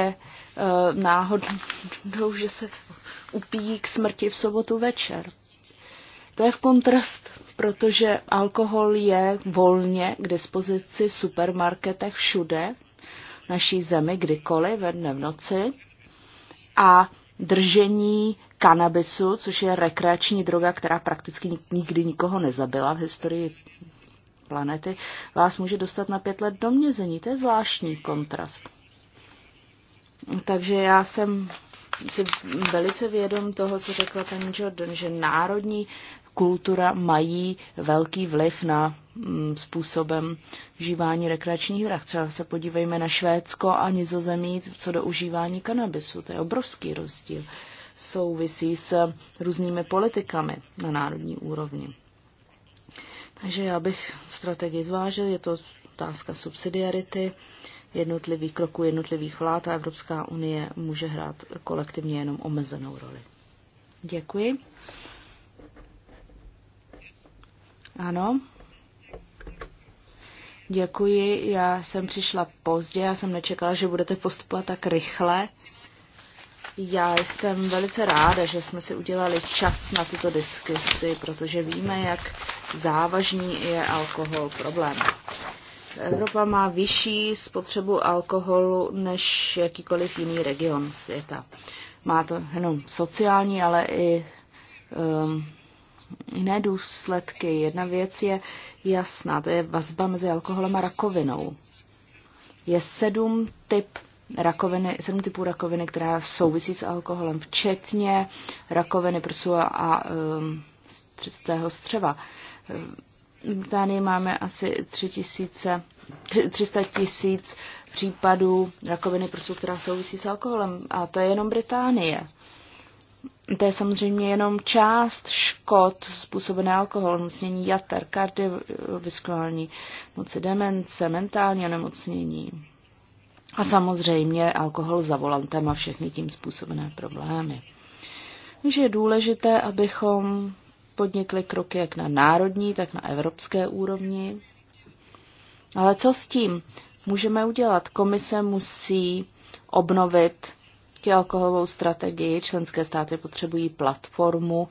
eh, náhodou, že se upíjí k smrti v sobotu večer. To je v kontrast, protože alkohol je volně k dispozici v supermarketech všude, v naší zemi, kdykoliv, ve dne v noci. A držení kanabisu, což je rekreační droga, která prakticky nikdy nikoho nezabila v historii planety, vás může dostat na pět let do mězení. To je zvláštní kontrast. Takže já jsem si velice vědom toho, co řekla paní Jordan, že národní kultura mají velký vliv na mm, způsobem užívání rekreačních drah. Třeba se podívejme na Švédsko a Nizozemí co do užívání kanabisu. To je obrovský rozdíl. Souvisí s různými politikami na národní úrovni. Takže já bych strategii zvážil, je to otázka subsidiarity. Uh, jednotlivých kroků jednotlivých vlád a Evropská unie může hrát kolektivně jenom omezenou roli. Děkuji. Ano. Děkuji, já jsem přišla pozdě, já jsem nečekala, že budete postupovat tak rychle. Já jsem velice ráda, že jsme si udělali čas na tuto diskusi, protože víme, jak závažný je alkohol problém. Evropa má vyšší spotřebu alkoholu než jakýkoliv jiný region světa. Má to jenom sociální, ale i um, jiné důsledky. Jedna věc je jasná, to je vazba mezi alkoholem a rakovinou. Je sedm typ rakoviny, sedm typů rakoviny, která souvisí s alkoholem, včetně rakoviny prsu a um, střeva. Británii máme asi 300 tisíc případů rakoviny prsu, která souvisí s alkoholem. A to je jenom Británie. To je samozřejmě jenom část škod způsobené alkoholem, nemocnění jater, kardiovaskulární moci demence, mentální onemocnění. A samozřejmě alkohol za volantem a všechny tím způsobené problémy. Takže je důležité, abychom podnikly kroky jak na národní, tak na evropské úrovni. Ale co s tím? Můžeme udělat. Komise musí obnovit ti alkoholovou strategii. Členské státy potřebují platformu,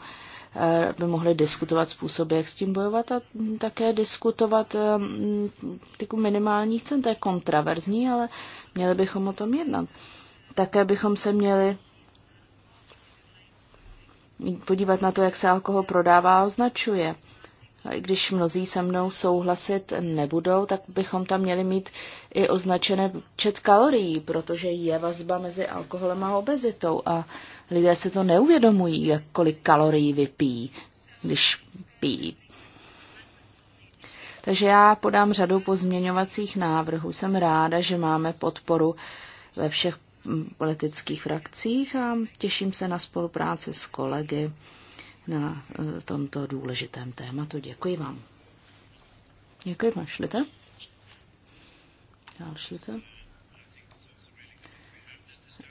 eh, aby mohli diskutovat způsoby, jak s tím bojovat a také diskutovat eh, tyku minimálních cen. To je kontraverzní, ale měli bychom o tom jednat. Také bychom se měli podívat na to, jak se alkohol prodává a označuje. I když mnozí se mnou souhlasit nebudou, tak bychom tam měli mít i označené čet kalorií, protože je vazba mezi alkoholem a obezitou a lidé se to neuvědomují, jak kolik kalorií vypíjí, když pijí. Takže já podám řadu pozměňovacích návrhů. Jsem ráda, že máme podporu ve všech politických frakcích a těším se na spolupráci s kolegy na e, tomto důležitém tématu. Děkuji vám. Děkuji vám. Šlite? Dál šlite?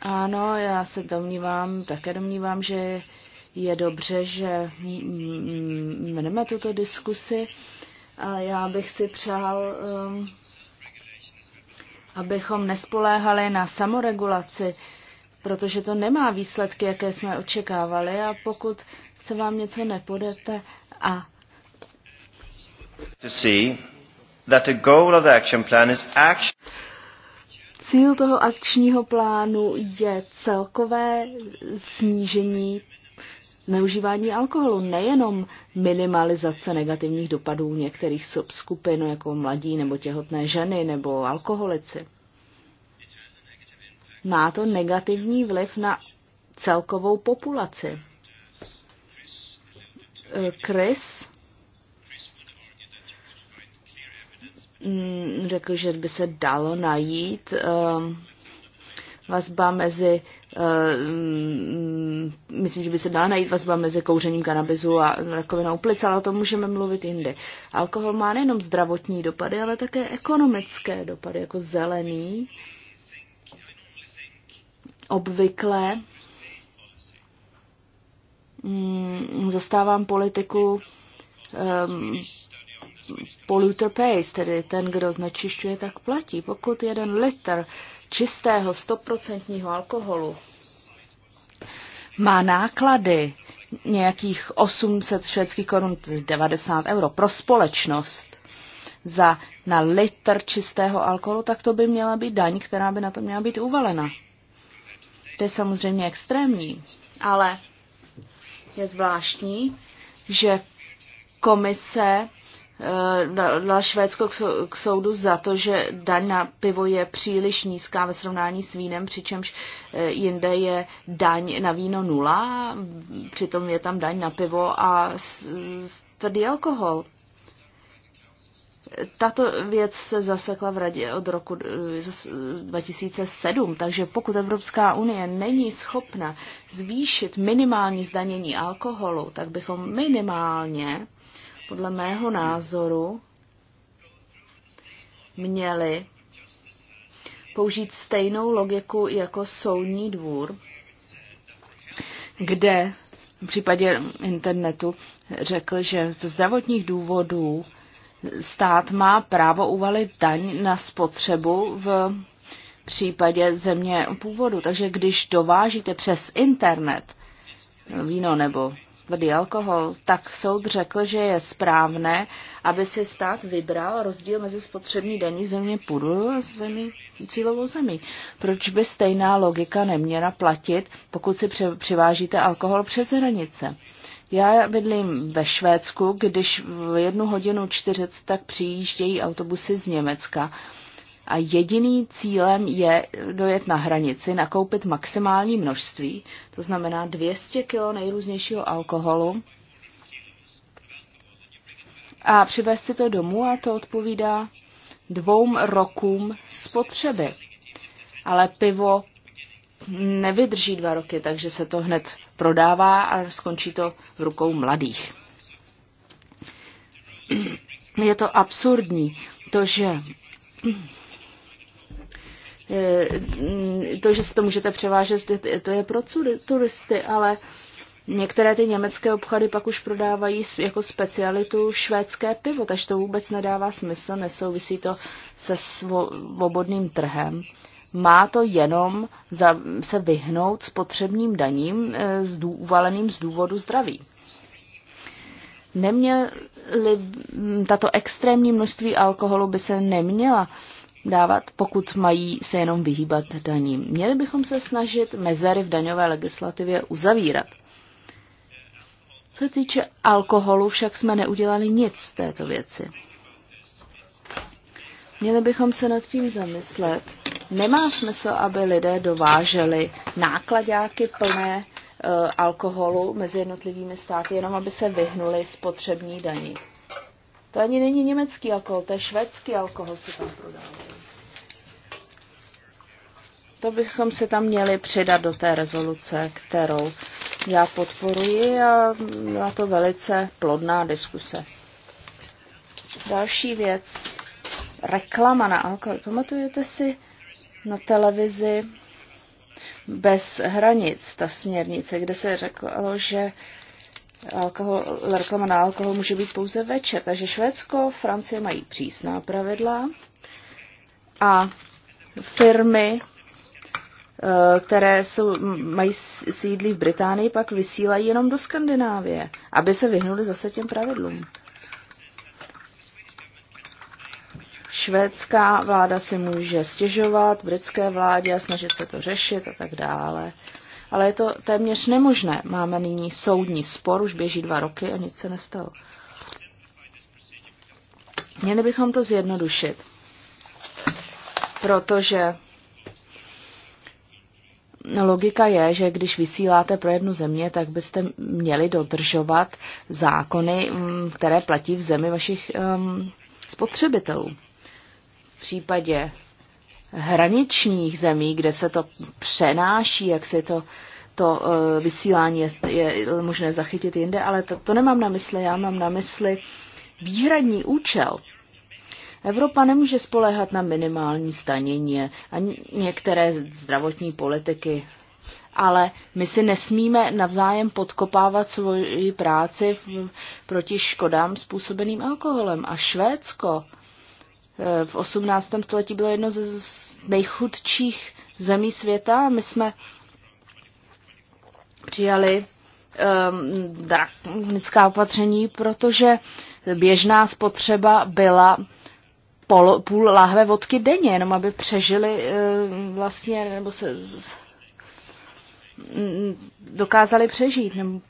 Ano, já se domnívám, také domnívám, že je dobře, že mneme mm, mm, mm, tuto diskusi. A já bych si přál um, abychom nespoléhali na samoregulaci, protože to nemá výsledky, jaké jsme očekávali a pokud se vám něco nepodete a Cíl toho akčního plánu je celkové snížení zneužívání alkoholu, nejenom minimalizace negativních dopadů některých subskupin, jako mladí nebo těhotné ženy nebo alkoholici. Má to negativní vliv na celkovou populaci. Chris řekl, že by se dalo najít eh, vazba mezi Eh, mm, myslím, že by se dá najít vazba mezi kouřením kanabisu a rakovinou plic, ale o tom můžeme mluvit jindy. Alkohol má nejenom zdravotní dopady, ale také ekonomické dopady, jako zelený. Obvykle mm, zastávám politiku um, polluter pays, tedy ten, kdo znečišťuje, tak platí. Pokud jeden litr uh, čistého, stoprocentního alkoholu má náklady nějakých 800 švédských korun, 90 euro pro společnost za na litr čistého alkoholu, tak to by měla být daň, která by na to měla být uvalena. To je samozřejmě extrémní, ale je zvláštní, že komise dala eh, Švédsko k soudu za to, že daň na pivo je příliš nízká ve srovnání s vínem, přičemž eh, jinde je daň na víno nula, přitom je tam daň na pivo a tvrdý alkohol. Tato věc se zasekla v radě od roku 2007, eh, takže pokud Evropská unie není schopna zvýšit minimální zdanění alkoholu, tak bychom minimálně podle mého názoru měli použít stejnou logiku jako soudní dvůr, kde v případě internetu řekl, že v zdravotních důvodů stát má právo uvalit daň na spotřebu v případě země původu. Takže když dovážíte přes internet víno nebo tvrdý alkohol, tak soud řekl, že je správné, aby si stát vybral rozdíl mezi spotřební daní země půdu a zemí, cílovou zemí. Proč by stejná logika neměla platit, pokud si přivážíte alkohol přes hranice? Já bydlím ve Švédsku, když v jednu hodinu čtyřec tak přijíždějí autobusy z Německa a jediný cílem je dojet na hranici, nakoupit maximální množství, to znamená 200 kg nejrůznějšího alkoholu a přivést si to domů a to odpovídá dvou rokům spotřeby. Ale pivo nevydrží dva roky, takže se to hned prodává a skončí to v rukou mladých. Je to absurdní, to, že Eh, to, že si to můžete převážet, to je pro turisty, ale některé ty německé obchody pak už prodávají jako specialitu švédské pivo, takže to vůbec nedává smysl, nesouvisí to se svobodným trhem. Má to jenom za, se vyhnout spotřebním daním z eh, zdů, uvaleným z důvodu zdraví. Neměli tato extrémní množství alkoholu by se neměla dávat, pokud mají se jenom vyhýbat daním. Měli bychom se snažit mezery v daňové legislativě uzavírat. Co se týče alkoholu, však jsme neudělali nic z této věci. Měli bychom se nad tím zamyslet. Nemá smysl, aby lidé dováželi nákladáky plné uh, alkoholu mezi jednotlivými státy, jenom aby se vyhnuli spotřební daní. To ani není německý alkohol, to je švédský alkohol, co tam prodávají. To bychom se tam měli přidat do té rezoluce, kterou já podporuji a byla to velice plodná diskuse. Další věc, reklama na alkohol. Pamatujete si na televizi bez hranic ta směrnice, kde se řeklo, že alkohol, reklama na alkohol může být pouze večer. Takže Švédsko, Francie mají přísná pravidla a firmy, eh, které jsou, mají sídlí v Británii, pak vysílají jenom do Skandinávie, aby se vyhnuli zase těm pravidlům. Švédská vláda si může stěžovat britské vládě a snažit se to řešit a tak dále. Uh, ale je to téměř nemožné. Máme nyní soudní spor, už běží dva roky a nic se nestalo. Měli bychom to zjednodušit, protože logika je, že když vysíláte pro jednu země, tak byste měli dodržovat zákony, mm, které platí v zemi vašich um, spotřebitelů. V případě hraničních zemí, kde se to přenáší, jak se to, to eh, vysílání je, je možné zachytit jinde, ale to, to nemám na mysli, já mám na mysli výhradní účel. Evropa nemůže spoléhat na minimální stanění a některé zdravotní politiky, ale my si nesmíme navzájem podkopávat svoji práci proti škodám způsobeným alkoholem. A Švédsko v 18. století bylo jedno ze nejchudších zemí světa a my jsme přijali um, drakonická opatření, protože běžná spotřeba byla pol, půl láhve vodky denně, jenom aby přežili uh, vlastně, nebo se z, dokázali přežít. Nebo,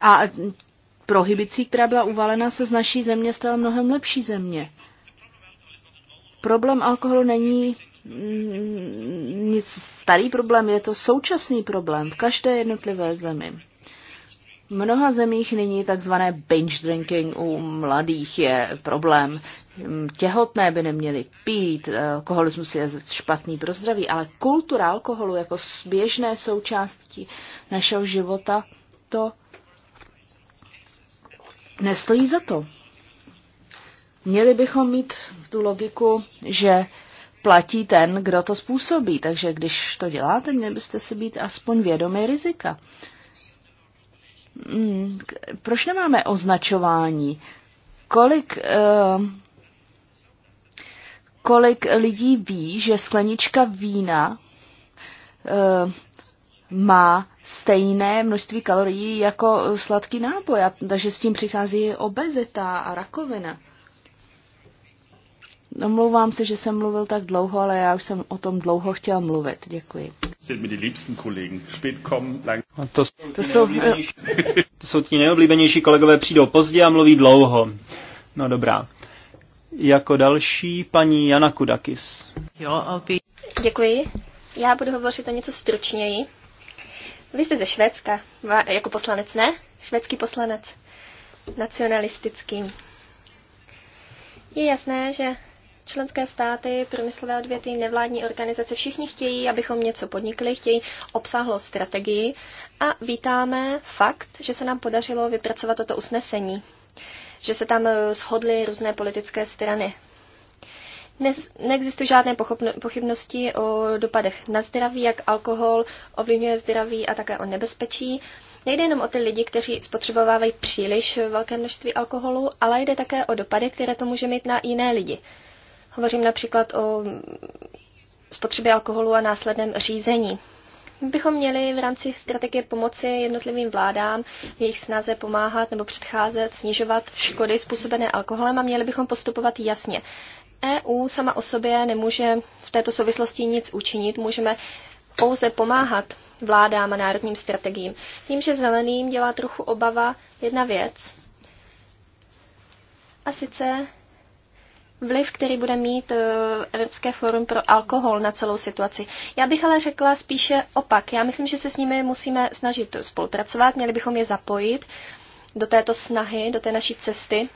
a prohibicí, která byla uvalena, se z naší země stala mnohem lepší země. Problém alkoholu není mm, nic starý problém, je to současný problém v každé jednotlivé zemi. V mnoha zemích nyní takzvané binge drinking u mladých je problém. Těhotné by neměly pít, alkoholismus je špatný pro zdraví, ale kultura alkoholu jako běžné součástí našeho života, to nestojí za to. Měli bychom mít tu logiku, že platí ten, kdo to způsobí. Takže když to děláte, měli byste si být aspoň vědomi rizika. Hmm, proč nemáme označování? Kolik, uh, kolik lidí ví, že sklenička vína uh, má stejné množství kalorií jako sladký nápoj, a, takže s tím přichází obezita a rakovina. Omlouvám se, že jsem mluvil tak dlouho, ale já už jsem o tom dlouho chtěl mluvit. Děkuji. To, to, jsou, to jsou ti nejoblíbenější kolegové, přijdou pozdě a mluví dlouho. No dobrá. Jako další paní Jana Kudakis. Děkuji. Já budu hovořit o něco stručněji. Vy jste ze Švédska, jako poslanec, ne? Švédský poslanec, nacionalistický. Je jasné, že členské státy, průmyslové odvětví, nevládní organizace, všichni chtějí, abychom něco podnikli, chtějí obsáhlou strategii a vítáme fakt, že se nám podařilo vypracovat toto usnesení, že se tam eh, shodly různé politické strany. Dnes neexistují žádné pochybnosti o dopadech na zdraví, jak alkohol ovlivňuje zdraví a také o nebezpečí. Nejde jenom o ty lidi, kteří spotřebovávají příliš velké množství alkoholu, ale jde také o dopady, které to může mít na jiné lidi. Hovořím například o spotřebě alkoholu a následném řízení. My bychom měli v rámci strategie pomoci jednotlivým vládám v jejich snaze pomáhat nebo předcházet, snižovat škody způsobené alkoholem a měli bychom postupovat jasně. EU sama o sobě nemůže v této souvislosti nic učinit, můžeme pouze pomáhat vládám a národním strategiím. Tím, že zeleným dělá trochu obava jedna věc, a sice vliv, který bude mít e, Evropské fórum pro alkohol na celou situaci. Já bych ale řekla spíše opak. Já myslím, že se s nimi musíme snažit spolupracovat, měli bychom je zapojit do této snahy, do té naší cesty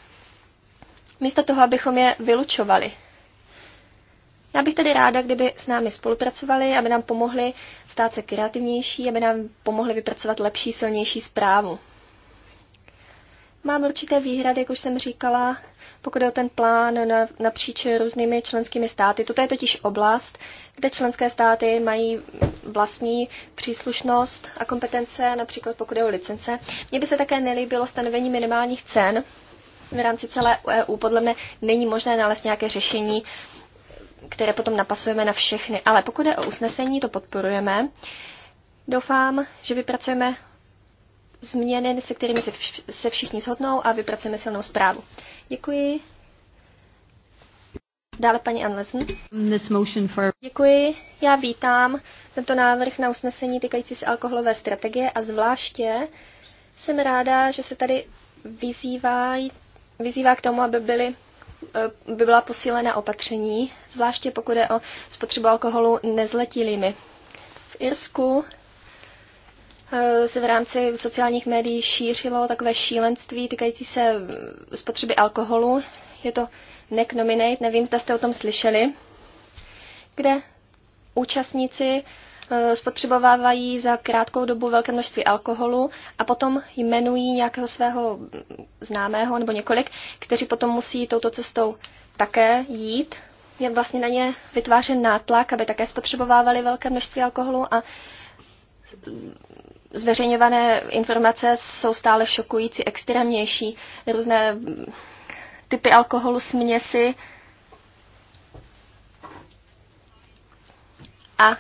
místo toho, abychom je vylučovali. Já bych tedy ráda, kdyby s námi spolupracovali, aby nám pomohli stát se kreativnější, aby nám pomohli vypracovat lepší, silnější zprávu. Mám určité výhrady, jak už jsem říkala, pokud je o ten plán napříč různými členskými státy. Toto je totiž oblast, kde členské státy mají vlastní příslušnost a kompetence, například pokud je o licence. Mně by se také nelíbilo stanovení minimálních cen, v rámci celé EU podle mě není možné nalézt nějaké řešení, které potom napasujeme na všechny. Ale pokud je o usnesení, to podporujeme. Doufám, že vypracujeme změny, se kterými se, se všichni shodnou a vypracujeme silnou zprávu. Děkuji. Dále paní Anlesen. For... Děkuji. Já vítám tento návrh na usnesení týkající se alkoholové strategie a zvláště jsem ráda, že se tady vyzývají vyzývá k tomu, aby byly eh, by byla posílena opatření, zvláště pokud je o spotřebu alkoholu nezletilými. V Irsku eh, se v rámci sociálních médií šířilo takové šílenství týkající se eh, spotřeby alkoholu. Je to Neck Nominate, nevím, zda jste o tom slyšeli, kde účastníci Eh, spotřebovávají za krátkou dobu velké množství alkoholu a potom jmenují nějakého svého známého nebo několik, kteří potom musí touto cestou také jít. Je vlastně na ně vytvářen nátlak, aby také spotřebovávali velké množství alkoholu a zveřejňované informace jsou stále šokující, extrémnější, různé typy alkoholu, směsi. A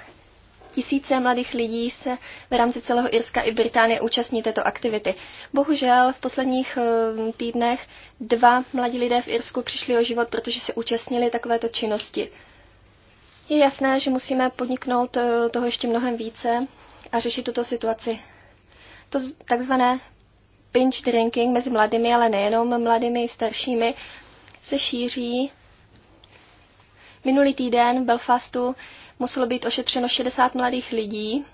Tisíce mladých lidí se v rámci celého Irska i Británie účastní této aktivity. Bohužel v posledních eh, týdnech dva mladí lidé v Irsku přišli o život, protože se účastnili takovéto činnosti. Je jasné, že musíme podniknout eh, toho ještě mnohem více a řešit tuto situaci. To takzvané binge drinking mezi mladými, ale nejenom mladými, i staršími, se šíří. Minulý týden v Belfastu muselo být ošetřeno 60 mladých lidí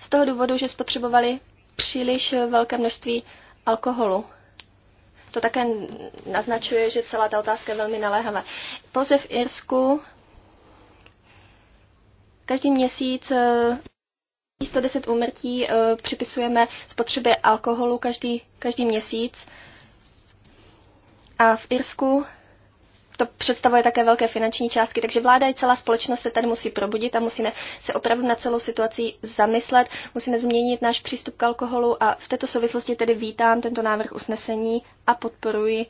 z toho důvodu, že spotřebovali příliš velké množství alkoholu. To také naznačuje, že celá ta otázka je velmi naléhavá. Pouze v Irsku každý měsíc 110 eh, úmrtí eh, připisujeme spotřebě alkoholu každý, každý měsíc. A v Irsku to představuje také velké finanční částky, takže vláda i celá společnost se tady musí probudit a musíme se opravdu na celou situaci zamyslet, musíme změnit náš přístup k alkoholu a v této souvislosti tedy vítám tento návrh usnesení a podporuji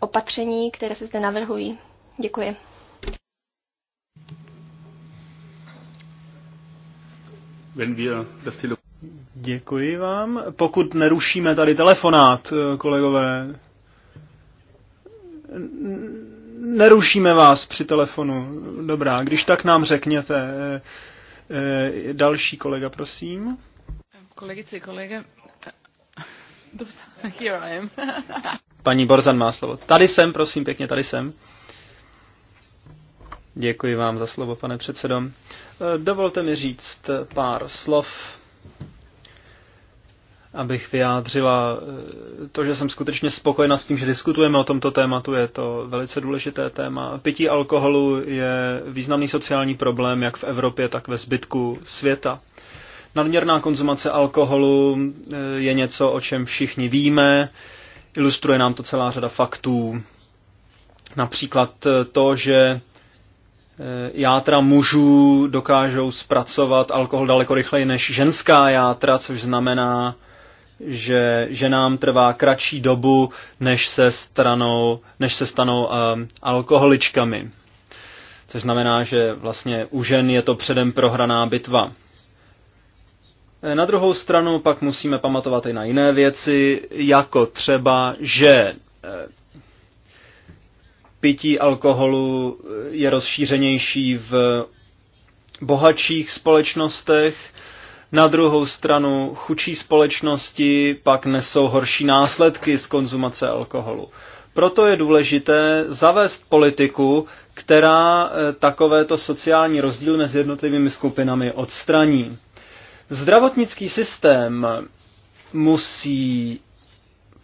opatření, které se zde navrhují. Děkuji. Děkuji vám. Pokud nerušíme tady telefonát, kolegové, nerušíme vás při telefonu. Dobrá, když tak nám řekněte. Eh, eh, další kolega, prosím. Kolegice, kolega. Eh, here I am. Paní Borzan má slovo. Tady jsem, prosím, pěkně, tady jsem. Děkuji vám za slovo, pane předsedo. Dovolte mi říct pár slov abych vyjádřila eh, to, že jsem skutečně spokojená s tím, že diskutujeme o tomto tématu. Je to velice důležité téma. Pití alkoholu je významný sociální problém jak v Evropě, tak ve zbytku světa. Nadměrná konzumace alkoholu eh, je něco, o čem všichni víme. Ilustruje nám to celá řada faktů. Například eh, to, že játra mužů dokážou zpracovat alkohol daleko rychleji než ženská játra, což znamená, že že nám trvá kratší dobu, než se, stranou, než se stanou um, alkoholičkami. Což znamená, že vlastně u žen je to předem prohraná bitva. Na druhou stranu pak musíme pamatovat i na jiné věci, jako třeba, že eh, pití alkoholu eh, je rozšířenější v bohatších společnostech, na druhou stranu chučí společnosti pak nesou horší následky z konzumace alkoholu. Proto je důležité zavést politiku, která eh, takovéto sociální rozdíl mezi jednotlivými skupinami odstraní. Zdravotnický systém musí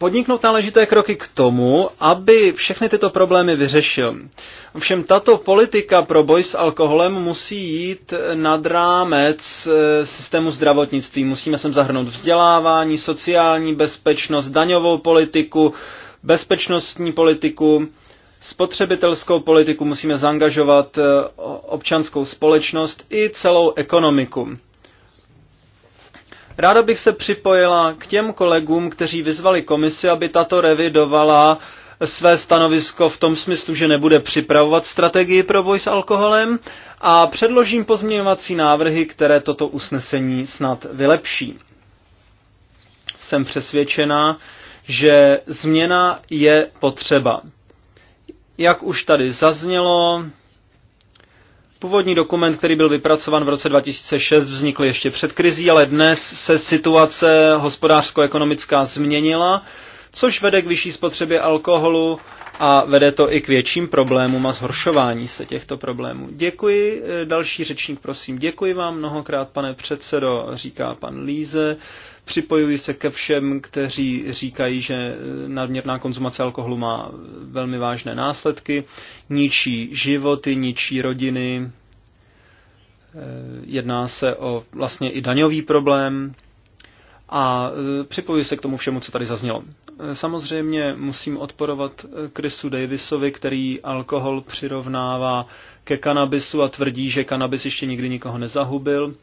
podniknout náležité kroky k tomu, aby všechny tyto problémy vyřešil. Ovšem tato politika pro boj s alkoholem musí jít nad rámec eh, systému zdravotnictví. Musíme sem zahrnout vzdělávání, sociální bezpečnost, daňovou politiku, bezpečnostní politiku, spotřebitelskou politiku, musíme zaangažovat eh, občanskou společnost i celou ekonomiku. Ráda bych se připojila k těm kolegům, kteří vyzvali komisi, aby tato revidovala své stanovisko v tom smyslu, že nebude připravovat strategii pro boj s alkoholem a předložím pozměňovací návrhy, které toto usnesení snad vylepší. Jsem přesvědčena, že změna je potřeba. Jak už tady zaznělo, Původní dokument, který byl vypracovan v roce 2006, vznikl ještě před krizí, ale dnes se situace hospodářsko-ekonomická změnila, což vede k vyšší spotřebě alkoholu a vede to i k větším problémům a zhoršování se těchto problémů. Děkuji, e, další řečník, prosím. Děkuji vám mnohokrát, pane předsedo, říká pan Líze. Připojuji se ke všem, kteří říkají, že nadměrná konzumace alkoholu má velmi vážné následky, ničí životy, ničí rodiny, e, jedná se o vlastně i daňový problém a e, připojuji se k tomu všemu, co tady zaznělo. E, samozřejmě musím odporovat Chrisu Davisovi, který alkohol přirovnává ke kanabisu a tvrdí, že kanabis ještě nikdy nikoho nezahubil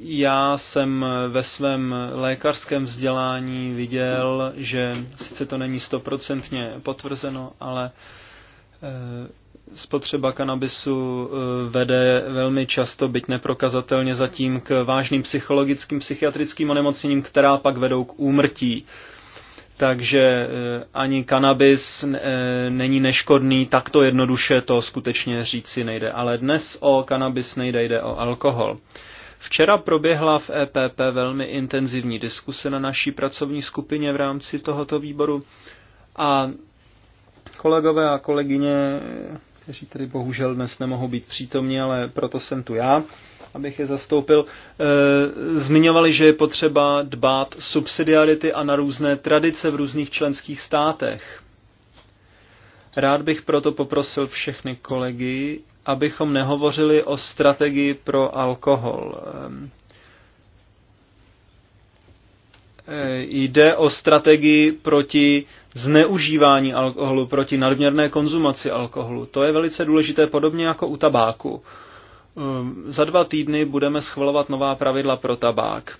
já jsem ve svém lékařském vzdělání viděl, že sice to není stoprocentně potvrzeno, ale eh, spotřeba kanabisu eh, vede velmi často, byť neprokazatelně zatím, k vážným psychologickým, psychiatrickým onemocněním, která pak vedou k úmrtí. Takže eh, ani kanabis není neškodný, tak to jednoduše to skutečně říci nejde. Ale dnes o kanabis nejde, jde o alkohol. Včera proběhla v EPP velmi intenzivní diskuse na naší pracovní skupině v rámci tohoto výboru a kolegové a kolegyně, kteří tady bohužel dnes nemohou být přítomní, ale proto jsem tu já, abych je zastoupil, eh, zmiňovali, že je potřeba dbát subsidiarity a na různé tradice v různých členských státech. Rád bych proto poprosil všechny kolegy, abychom nehovořili o strategii pro alkohol. E, jde o strategii proti zneužívání alkoholu, proti nadměrné konzumaci alkoholu. To je velice důležité, podobně jako u tabáku. Za dva týdny budeme schvalovat nová pravidla pro tabák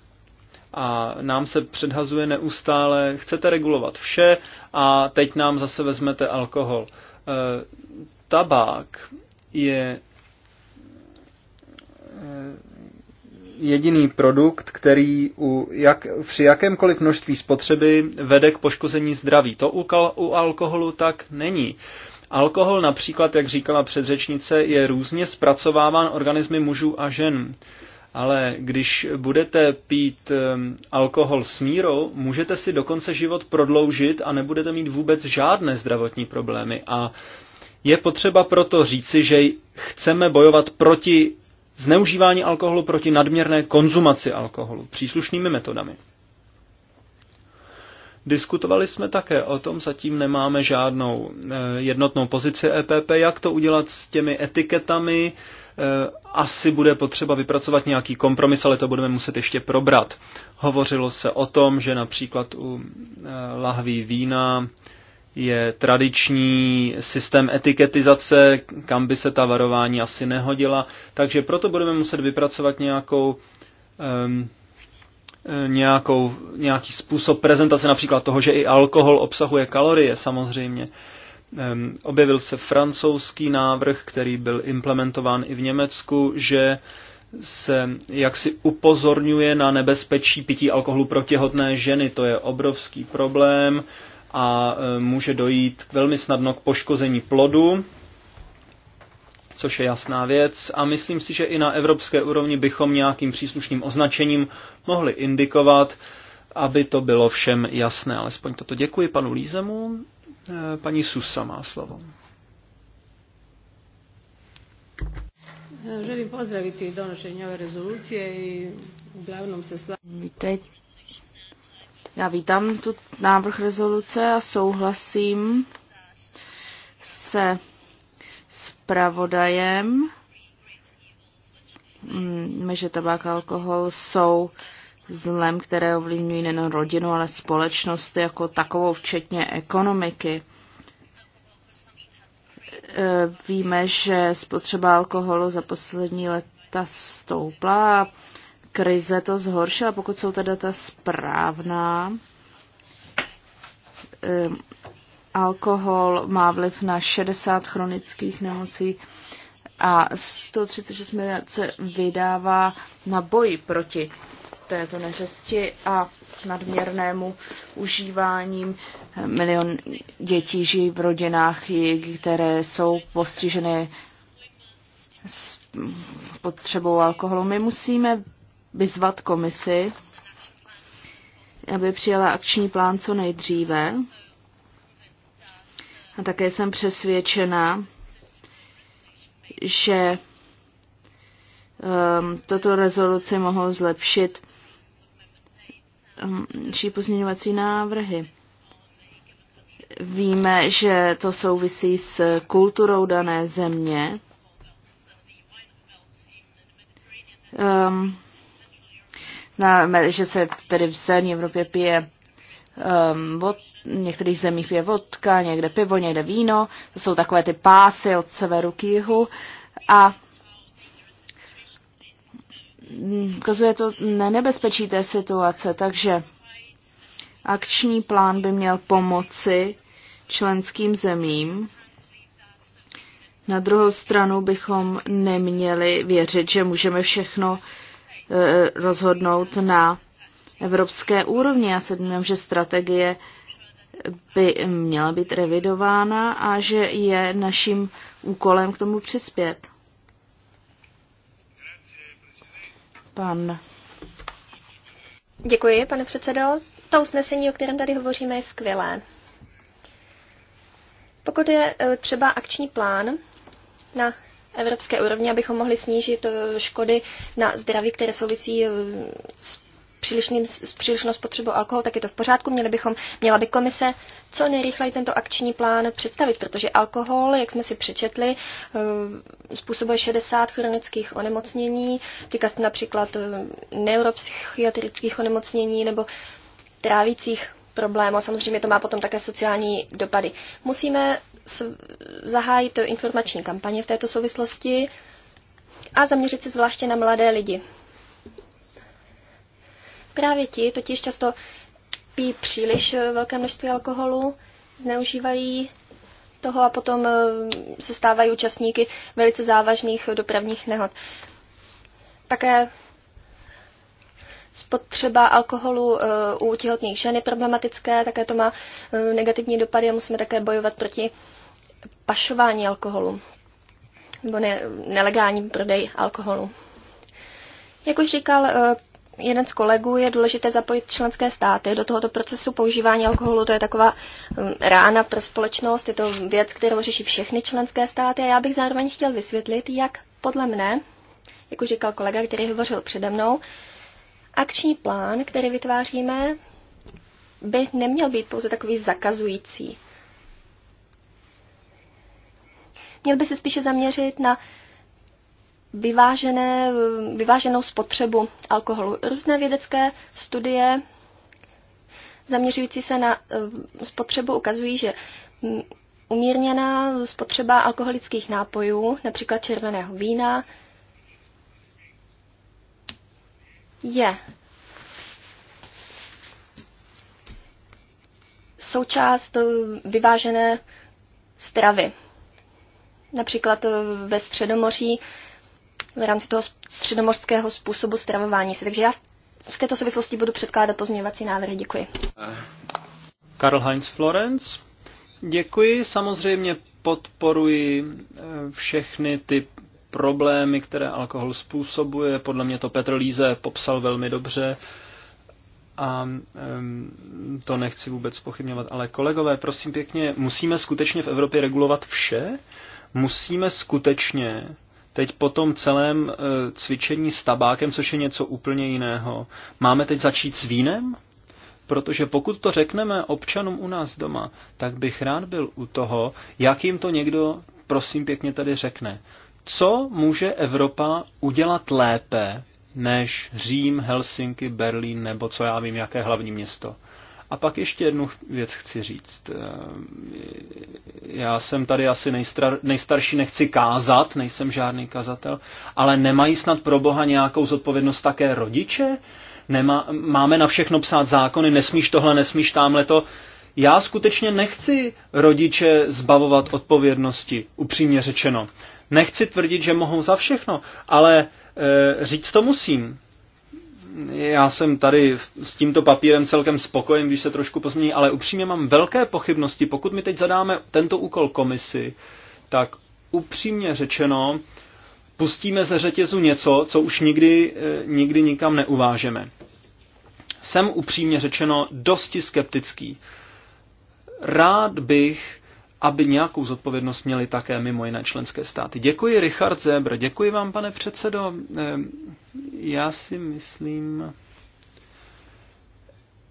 a nám se předhazuje neustále, chcete regulovat vše a teď nám zase vezmete alkohol. tabák je eh, jediný produkt, který u jak, při jakémkoliv množství spotřeby vede k poškození zdraví. To u, kal, u alkoholu tak není. Alkohol například, jak říkala předřečnice, je různě zpracováván organismy mužů a žen. Ale když budete pít ehm, alkohol s mírou, můžete si dokonce život prodloužit a nebudete mít vůbec žádné zdravotní problémy. A je potřeba proto říci, že chceme bojovat proti zneužívání alkoholu, proti nadměrné konzumaci alkoholu příslušnými metodami. Diskutovali jsme také o tom, zatím nemáme žádnou eh, jednotnou pozici EPP, jak to udělat s těmi etiketami. Eh, asi bude potřeba vypracovat nějaký kompromis, ale to budeme muset ještě probrat. Hovořilo se o tom, že například u eh, lahví vína je tradiční systém etiketizace, kam by se ta varování asi nehodila. Takže proto budeme muset vypracovat nějakou, um, nějakou, nějaký způsob prezentace například toho, že i alkohol obsahuje kalorie samozřejmě. Um, objevil se francouzský návrh, který byl implementován i v Německu, že se jaksi upozorňuje na nebezpečí pití alkoholu pro těhotné ženy. To je obrovský problém a e, může dojít k velmi snadno k poškození plodu, což je jasná věc. A myslím si, že i na evropské úrovni bychom nějakým příslušným označením mohli indikovat, aby to bylo všem jasné. Alespoň toto děkuji panu Lízemu. E, paní Susa má slovo. Želím pozdraviti donošenje ove rezolucije i uglavnom se slažem. Já vítám tu návrh rezoluce a souhlasím se zpravodajem, mm, že tabák a alkohol jsou zlem, které ovlivňují nejen rodinu, ale společnost jako takovou, včetně ekonomiky. E, víme, že spotřeba alkoholu za poslední leta stoupla a krize to zhoršila, pokud jsou ta data správná. Um, alkohol má vliv na 60 chronických nemocí a 136 miliard se vydává na boji proti této neřesti a nadměrnému užíváním. Milion dětí žijí v rodinách, které jsou postiženy s potřebou alkoholu. My musíme vyzvat komisi, aby přijala akční plán co nejdříve. A také jsem přesvědčena, že um, toto rezoluci mohou zlepšit další um, pozměňovací návrhy. Víme, že to souvisí s kulturou dané země. Um, na, že se tedy v severní Evropě pije um, vod, v některých zemích pije vodka, někde pivo, někde víno. To jsou takové ty pásy od severu k jihu. A ukazuje to nebezpečí té situace, takže akční plán by měl pomoci členským zemím. Na druhou stranu bychom neměli věřit, že můžeme všechno Eh, rozhodnout na evropské úrovni. Já se domnívám, že strategie by měla být revidována a že je naším úkolem k tomu přispět. Pan. Děkuji, pane předsedo. To usnesení, o kterém tady hovoříme, je skvělé. Pokud je eh, třeba akční plán na evropské úrovni, abychom mohli snížit eh, škody na zdraví, které souvisí eh, s přílišným, s přílišnou spotřebou alkoholu, tak je to v pořádku. Měli bychom, měla by komise co nejrychleji tento akční plán představit, protože alkohol, jak jsme si přečetli, eh, způsobuje 60 chronických onemocnění, týká se například neuropsychiatrických onemocnění nebo trávicích problémů. Samozřejmě to má potom také sociální dopady. Musíme zahájit informační kampaně v této souvislosti a zaměřit se zvláště na mladé lidi. Právě ti totiž často pijí příliš eh, velké množství alkoholu, zneužívají toho a potom eh, se stávají účastníky velice závažných dopravních nehod. Také spotřeba alkoholu eh, u těhotných žen je problematické, také to má negativní dopady a musíme také bojovat proti pašování alkoholu nebo ne, nelegální prodej alkoholu. Jak už říkal eh, jeden z kolegů, je důležité zapojit členské státy do tohoto procesu používání alkoholu. To je taková hm, rána pro společnost, je to věc, kterou řeší všechny členské státy a já bych zároveň chtěl vysvětlit, jak podle mne, jak už říkal kolega, který hovořil přede mnou, akční plán, který vytváříme, by neměl být pouze takový zakazující. Měl by se spíše zaměřit na vyvážené, vyváženou spotřebu alkoholu. Různé vědecké studie zaměřující se na eh, spotřebu ukazují, že mm, umírněná spotřeba alkoholických nápojů, například červeného vína, je součást eh, vyvážené stravy. Například eh, ve Středomoří v rámci toho středomořského způsobu stravování se. Takže já v této souvislosti budu předkládat pozměňovací návrhy. Děkuji. Eh. Karl Heinz Florenz. Děkuji. Samozřejmě podporuji eh, všechny ty problémy, které alkohol způsobuje. Podle mě to Petr Líze popsal velmi dobře a to nechci vůbec pochybňovat. Ale kolegové, prosím pěkně, musíme skutečně v Evropě regulovat vše? musíme skutečně teď po tom celém eh, cvičení s tabákem, což je něco úplně jiného, máme teď začít s vínem? Protože pokud to řekneme občanům u nás doma, tak bych rád byl u toho, jak jim to někdo, prosím pěkně, tady řekne. Co může Evropa udělat lépe než Řím, Helsinki, Berlín nebo co já vím, jaké hlavní město? A pak ještě jednu věc chci říct. Eh, já jsem tady asi nejstar, nejstarší, nechci kázat, nejsem žádný kazatel, ale nemají snad pro boha nějakou zodpovědnost také rodiče? Nemá, máme na všechno psát zákony, nesmíš tohle, nesmíš tamhle to. Já skutečně nechci rodiče zbavovat odpovědnosti, upřímně řečeno. Nechci tvrdit, že mohou za všechno, ale e, říct to musím já jsem tady s tímto papírem celkem spokojen, když se trošku pozmění, ale upřímně mám velké pochybnosti. Pokud my teď zadáme tento úkol komisi, tak upřímně řečeno, pustíme ze řetězu něco, co už nikdy, eh, nikdy nikam neuvážeme. Jsem upřímně řečeno dosti skeptický. Rád bych, aby nějakou zodpovědnost měli také mimo jiné členské státy. Děkuji, Richard Zebr. Děkuji vám, pane předsedo. Ehm, já si myslím,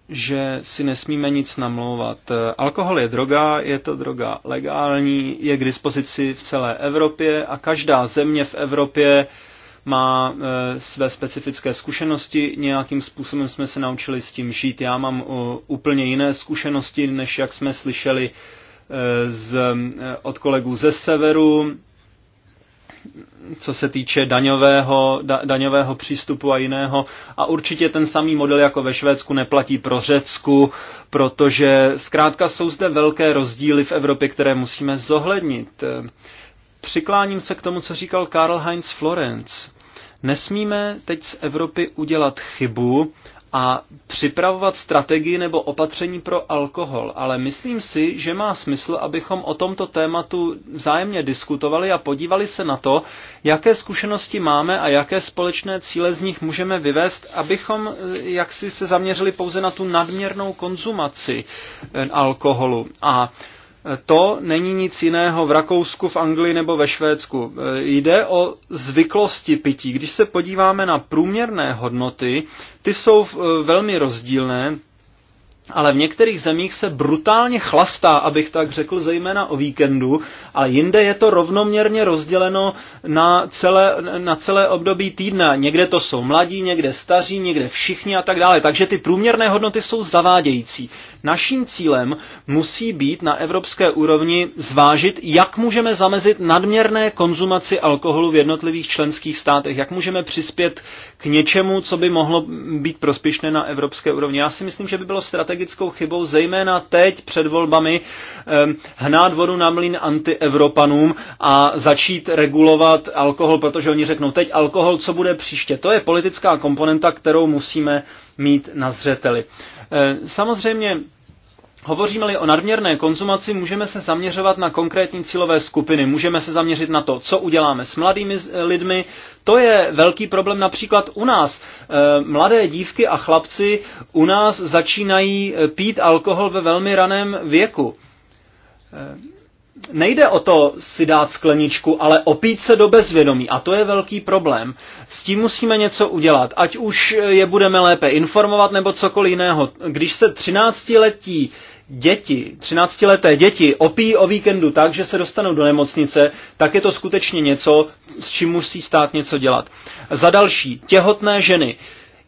že si nesmíme nic namlouvat. Alkohol je droga, je to droga legální, je k dispozici v celé Evropě a každá země v Evropě má e, své specifické zkušenosti, nějakým způsobem jsme se naučili s tím žít. Já mám o, e, úplně jiné zkušenosti, než jak jsme slyšeli z, od kolegů ze severu, co se týče daňového, da, daňového přístupu a jiného. A určitě ten samý model jako ve Švédsku neplatí pro Řecku, protože zkrátka jsou zde velké rozdíly v Evropě, které musíme zohlednit. Přikláním se k tomu, co říkal Karl Heinz Florenz. Nesmíme teď z Evropy udělat chybu a připravovat strategii nebo opatření pro alkohol, ale myslím si, že má smysl, abychom o tomto tématu vzájemně diskutovali a podívali se na to, jaké zkušenosti máme a jaké společné cíle z nich můžeme vyvést, abychom eh, jaksi se zaměřili pouze na tu nadměrnou konzumaci eh, alkoholu. A to není nic jiného v Rakousku, v Anglii nebo ve Švédsku. E, jde o zvyklosti pití. Když se podíváme na průměrné hodnoty, ty jsou e, velmi rozdílné, ale v některých zemích se brutálně chlastá, abych tak řekl, zejména o víkendu, a jinde je to rovnoměrně rozděleno na celé, na celé období týdne. Někde to jsou mladí, někde staří, někde všichni a tak dále. Takže ty průměrné hodnoty jsou zavádějící. Naším cílem musí být na evropské úrovni zvážit, jak můžeme zamezit nadměrné konzumaci alkoholu v jednotlivých členských státech, jak můžeme přispět k něčemu, co by mohlo být prospěšné na evropské úrovni. Já si myslím, že by bylo strategickou chybou, zejména teď před volbami, ehm, hnát vodu na mlín antievropanům a začít regulovat alkohol, protože oni řeknou teď alkohol, co bude příště. To je politická komponenta, kterou musíme mít na zřeteli. Eh, samozřejmě Hovoříme-li o nadměrné konzumaci, můžeme se zaměřovat na konkrétní cílové skupiny, můžeme se zaměřit na to, co uděláme s mladými eh, lidmi. To je velký problém například u nás. Eh, mladé dívky a chlapci u nás začínají pít alkohol ve velmi raném věku nejde o to si dát skleničku, ale opít se do bezvědomí a to je velký problém. S tím musíme něco udělat, ať už je budeme lépe informovat nebo cokoliv jiného. Když se 13-letí děti, 13-leté děti opíjí o víkendu tak, že se dostanou do nemocnice, tak je to skutečně něco, s čím musí stát něco dělat. Za další, těhotné ženy.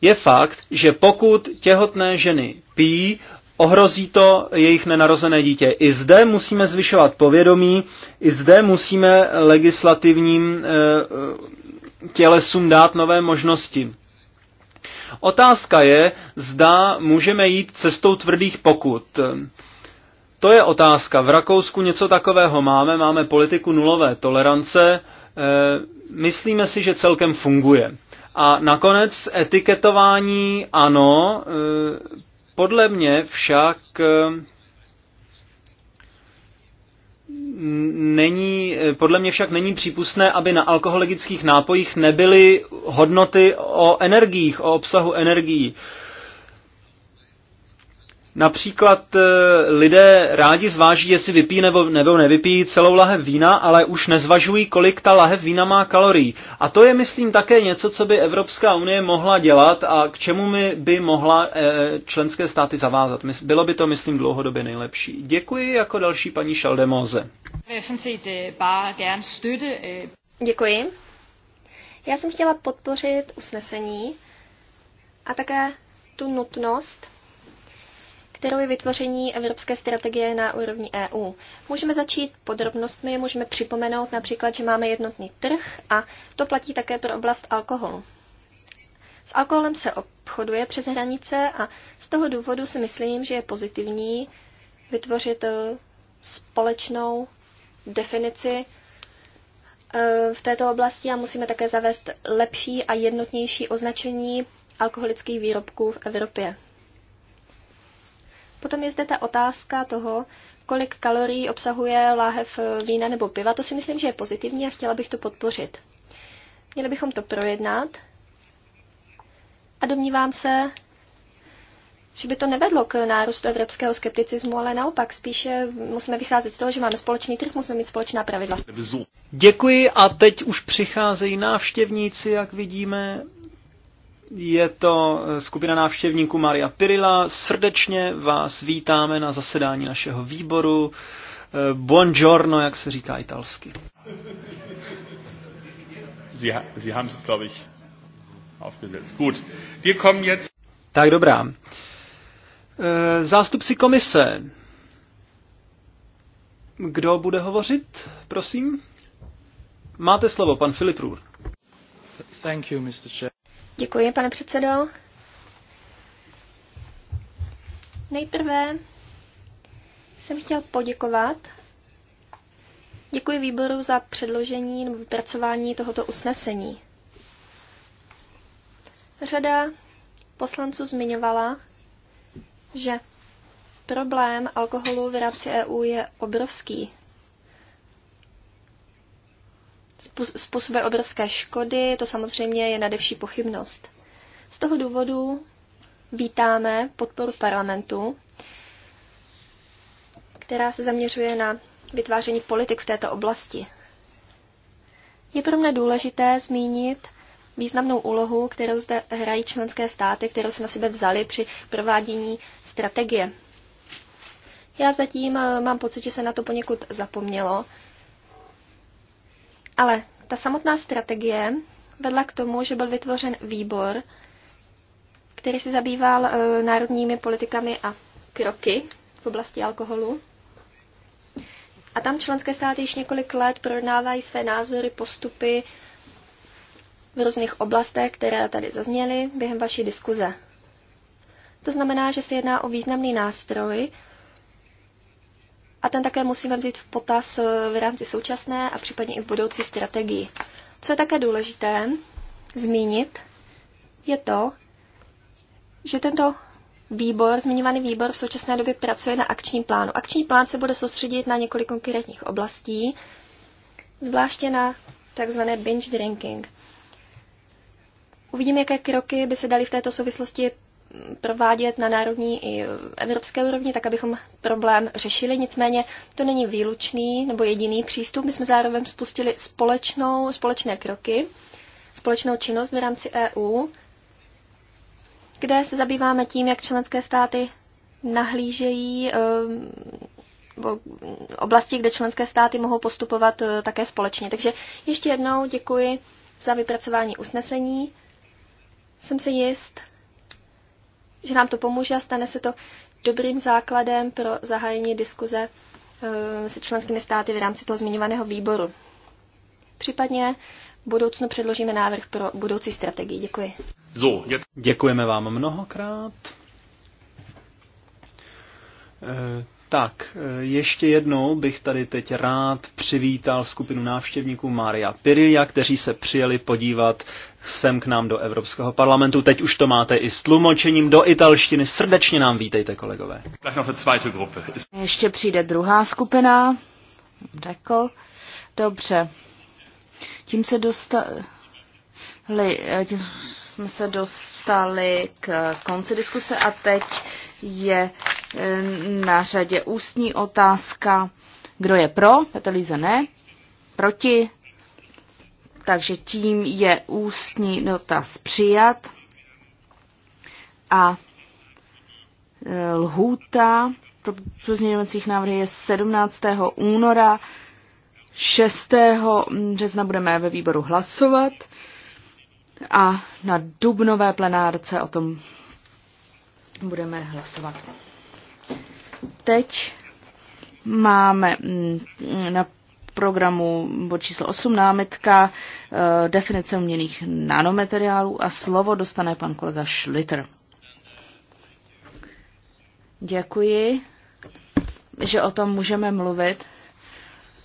Je fakt, že pokud těhotné ženy pijí, Ohrozí to jejich nenarozené dítě. I zde musíme zvyšovat povědomí, i zde musíme legislativním eh, tělesům dát nové možnosti. Otázka je, zda můžeme jít cestou tvrdých pokut. To je otázka. V Rakousku něco takového máme, máme politiku nulové tolerance, eh, myslíme si, že celkem funguje. A nakonec etiketování ano, eh, podle mě však eh, není, podle mě však není přípustné, aby na alkoholických nápojích nebyly hodnoty o energiích, o obsahu energií. Například eh, lidé rádi zváží, jestli vypí nebo, nebo nevypí celou lahev vína, ale už nezvažují, kolik ta lahev vína má kalorií. A to je, myslím, také něco, co by Evropská unie mohla dělat a k čemu by mohla eh, členské státy zavázat. Bylo by to, myslím, dlouhodobě nejlepší. Děkuji jako další paní Šaldemóze. Eh, Děkuji. Já jsem chtěla podpořit usnesení a také tu nutnost kterou je vytvoření evropské strategie na úrovni EU. Můžeme začít podrobnostmi, můžeme připomenout například, že máme jednotný trh a to platí také pro oblast alkoholu. S alkoholem se obchoduje přes hranice a z toho důvodu si myslím, že je pozitivní vytvořit eh, společnou definici eh, v této oblasti a musíme také zavést lepší a jednotnější označení alkoholických výrobků v Evropě. Potom je zde ta otázka toho, kolik kalorií obsahuje láhev vína nebo piva. To si myslím, že je pozitivní a chtěla bych to podpořit. Měli bychom to projednat a domnívám se, že by to nevedlo k nárůstu evropského skepticismu, ale naopak spíše musíme vycházet z toho, že máme společný trh, musíme mít společná pravidla. Děkuji a teď už přicházejí návštěvníci, jak vidíme. Je to skupina návštěvníků Maria Pirila. Srdečně vás vítáme na zasedání našeho výboru. Eh, buongiorno, jak se říká italsky. Sie, Sie haben es, glaube ich, aufgesetzt. Gut. Wir kommen jetzt... Tak dobrá. Eh, zástupci komise. Kdo bude hovořit, prosím? Máte slovo, pan Filip Rur. Thank you, Mr. Chair. Děkuji, pane předsedo. Nejprve jsem chtěl poděkovat. Děkuji výboru za předložení nebo vypracování tohoto usnesení. Řada poslanců zmiňovala, že problém alkoholu v rámci EU je obrovský způsobuje obrovské škody, to samozřejmě je nadevší pochybnost. Z toho důvodu vítáme podporu parlamentu, která se zaměřuje na vytváření politik v této oblasti. Je pro mě důležité zmínit významnou úlohu, kterou zde hrají členské státy, kterou se na sebe vzali při provádění strategie. Já zatím eh, mám pocit, že se na to poněkud zapomnělo, ale ta samotná strategie vedla k tomu, že byl vytvořen výbor, který se zabýval e, národními politikami a kroky v oblasti alkoholu. A tam členské státy již několik let projednávají své názory, postupy v různých oblastech, které tady zazněly během vaší diskuze. To znamená, že se jedná o významný nástroj, a ten také musíme vzít v potaz eh, v rámci současné a případně i v budoucí strategii. Co je také důležité zmínit, je to, že tento výbor, zmiňovaný výbor v současné době pracuje na akčním plánu. Akční plán se bude soustředit na několik konkrétních oblastí, zvláště na tzv. binge drinking. Uvidíme, jaké kroky by se daly v této souvislosti provádět na národní i evropské úrovni, tak abychom problém řešili. Nicméně to není výlučný nebo jediný přístup. My jsme zároveň spustili společnou, společné kroky, společnou činnost v rámci EU, kde se zabýváme tím, jak členské státy nahlížejí eh, oblasti, kde členské státy mohou postupovat eh, také společně. Takže ještě jednou děkuji za vypracování usnesení. Jsem si jist, že nám to pomůže a stane se to dobrým základem pro zahájení diskuze eh, se členskými státy v rámci toho zmiňovaného výboru. Případně v budoucnu předložíme návrh pro budoucí strategii. Děkuji. Děkujeme vám mnohokrát. Eh, tak, e, ještě jednou bych tady teď rád přivítal skupinu návštěvníků Mária Pirilla, kteří se přijeli podívat sem k nám do Evropského parlamentu. Teď už to máte i s tlumočením do italštiny. Srdečně nám vítejte, kolegové. Ještě přijde druhá skupina. Řekl. Dobře. Tím se dostali... E, tím jsme se dostali k konci diskuse a teď je Eh, na řadě ústní otázka. Kdo je pro? Petelíze ne. Proti? Takže tím je ústní dotaz přijat. A eh, lhůta pro pozměňovacích návrhy je 17. února. 6. března budeme ve výboru hlasovat a na dubnové plenárce o tom budeme hlasovat teď máme mm, na programu bod číslo 8 námitka eh, definice uměných nanomateriálů a slovo dostane pan kolega Schlitter. Děkuji, že o tom můžeme mluvit.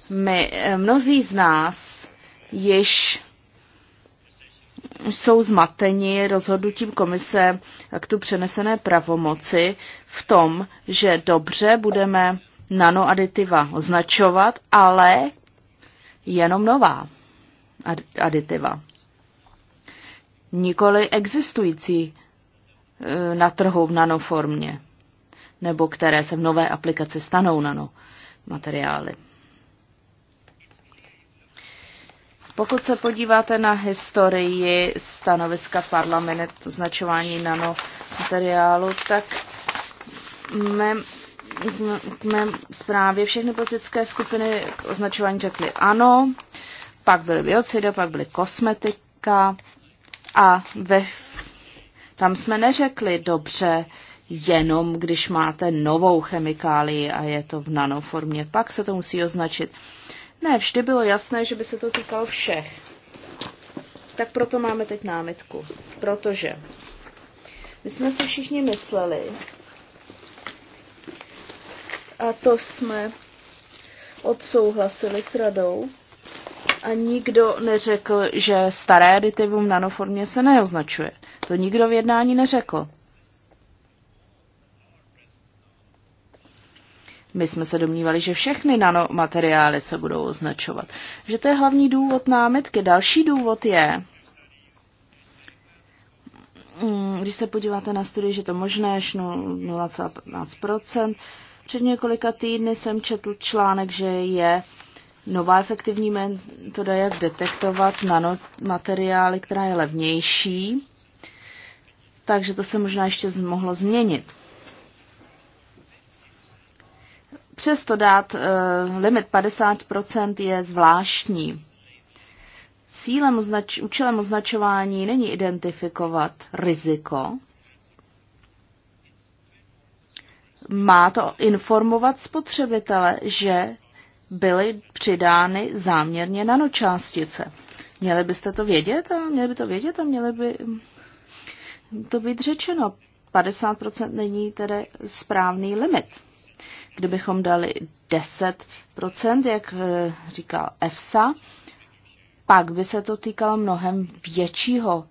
My, eh, mnozí z nás již jsou zmateni rozhodnutím komise tu přenesené pravomoci v tom, že dobře budeme nanoaditiva označovat, ale jenom nová aditiva. Nikoli existující e, na trhu v nanoformě, nebo které se v nové aplikaci stanou nanomateriály. Pokud se podíváte na historii stanoviska parlamentu označování nanomateriálu, tak mé, k mém zprávě všechny politické skupiny označování řekly ano, pak byly biocida, pak byly kosmetika a ve, tam jsme neřekli dobře, jenom když máte novou chemikálii a je to v nanoformě, pak se to musí označit. Ne, vždy bylo jasné, že by se to týkalo všech. Tak proto máme teď námitku. Protože my jsme si všichni mysleli, a to jsme odsouhlasili s radou, a nikdo neřekl, že staré aditivum nanoformě se neoznačuje. To nikdo v jednání neřekl. My jsme se domnívali, že všechny nanomateriály se budou označovat. Že to je hlavní důvod námitky. Další důvod je, mm, když se podíváte na studii, že to možné, 0,15%. No, Před několika týdny jsem četl článek, že je nová efektivní metoda, jak detektovat nanomateriály, která je levnější, takže to se možná ještě mohlo změnit. přesto dát eh, limit 50% je zvláštní. Cílem označ- účelem označování není identifikovat riziko, má to informovat spotřebitele, že byly přidány záměrně nanočástice. Měli byste to vědět a měli by to vědět a měli by to být řečeno. 50% není tedy správný limit kdybychom dali 10%, jak eh, říkal EFSA, pak by se to týkalo mnohem většího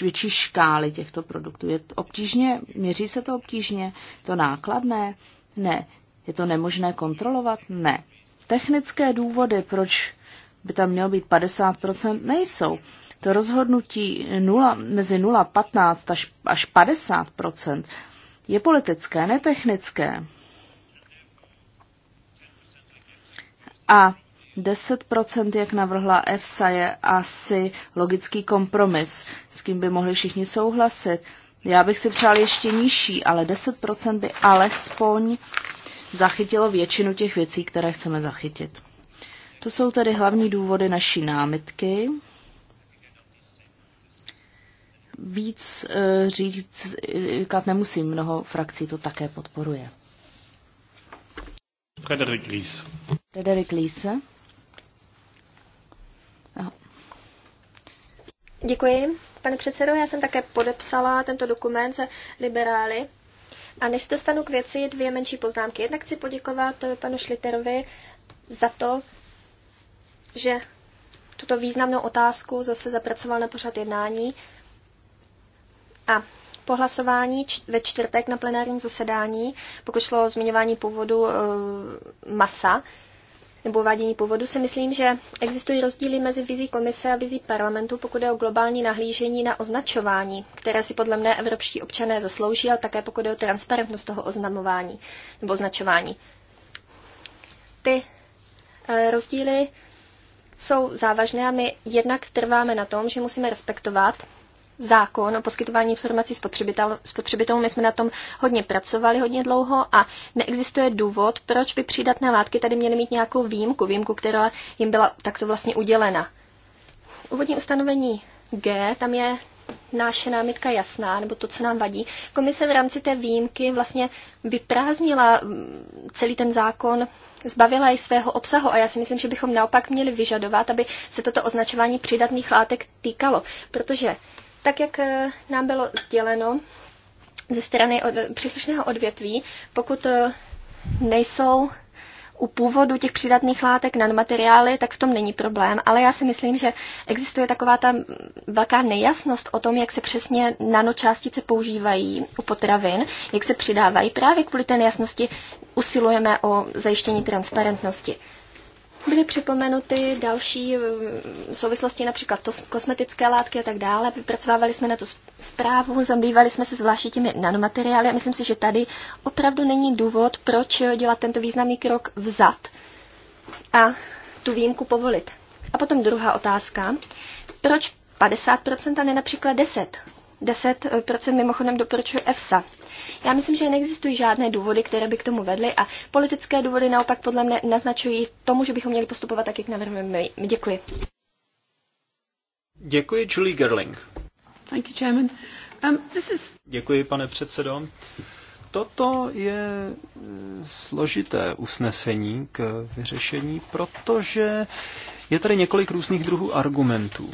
větší škály těchto produktů. Je to obtížně, měří se to obtížně? Je to nákladné? Ne. Je to nemožné kontrolovat? Ne. Technické důvody, proč by tam mělo být 50%, nejsou. To rozhodnutí 0, mezi 0,15 až, až 50% je politické, netechnické. A 10%, jak navrhla EFSA, je asi logický kompromis, s kým by mohli všichni souhlasit. Já bych si přál ještě nižší, ale 10% by alespoň zachytilo většinu těch věcí, které chceme zachytit. To jsou tedy hlavní důvody naší námitky. Víc eh, říct, eh, říkat nemusím, mnoho frakcí to také podporuje. Frederik Ries. Frederik Ries. Děkuji, pane předsedo. Já jsem také podepsala tento dokument se liberály. A než dostanu k věci, dvě menší poznámky. Jednak chci poděkovat panu Šliterovi za to, že tuto významnou otázku zase zapracoval na pořad jednání. A po hlasování ve čtvrtek na plenárním zasedání, pokud šlo o zmiňování původu e, masa nebo uvádění původu, si myslím, že existují rozdíly mezi vizí komise a vizí parlamentu, pokud je o globální nahlížení na označování, které si podle mne evropští občané zaslouží, ale také pokud je o transparentnost toho oznamování nebo označování. Ty e, rozdíly jsou závažné a my jednak trváme na tom, že musíme respektovat zákon o poskytování informací spotřebitel, spotřebitelům. My jsme na tom hodně pracovali hodně dlouho a neexistuje důvod, proč by přídatné látky tady měly mít nějakou výjimku, výjimku, která jim byla takto vlastně udělena. Úvodní ustanovení G, tam je naše námitka jasná, nebo to, co nám vadí. Komise v rámci té výjimky vlastně vyprázdnila mm, celý ten zákon, zbavila i svého obsahu a já si myslím, že bychom naopak měli vyžadovat, aby se toto označování přidatných látek týkalo, protože tak jak eh, nám bylo sděleno ze strany od, příslušného odvětví, pokud eh, nejsou u původu těch přidatných látek nanomateriály, tak v tom není problém. Ale já si myslím, že existuje taková ta velká nejasnost o tom, jak se přesně nanočástice používají u potravin, jak se přidávají. Právě kvůli té nejasnosti usilujeme o zajištění transparentnosti. Byly připomenuty další mm, souvislosti, například to, kosmetické látky a tak dále. Vypracovávali jsme na to zprávu, zabývali jsme se zvláště těmi nanomateriály a myslím si, že tady opravdu není důvod, proč dělat tento významný krok vzad a tu výjimku povolit. A potom druhá otázka. Proč 50% a ne například 10%? 10% mimochodem doporučuje EFSA. Já myslím, že neexistují žádné důvody, které by k tomu vedly a politické důvody naopak podle mě naznačují tomu, že bychom měli postupovat tak, jak navrhujeme my. Děkuji. Děkuji, Julie Gerling. Thank you, Chairman. Um, this is... Děkuji, pane předsedo. Toto je eh, složité usnesení k vyřešení, protože je tady několik různých druhů argumentů.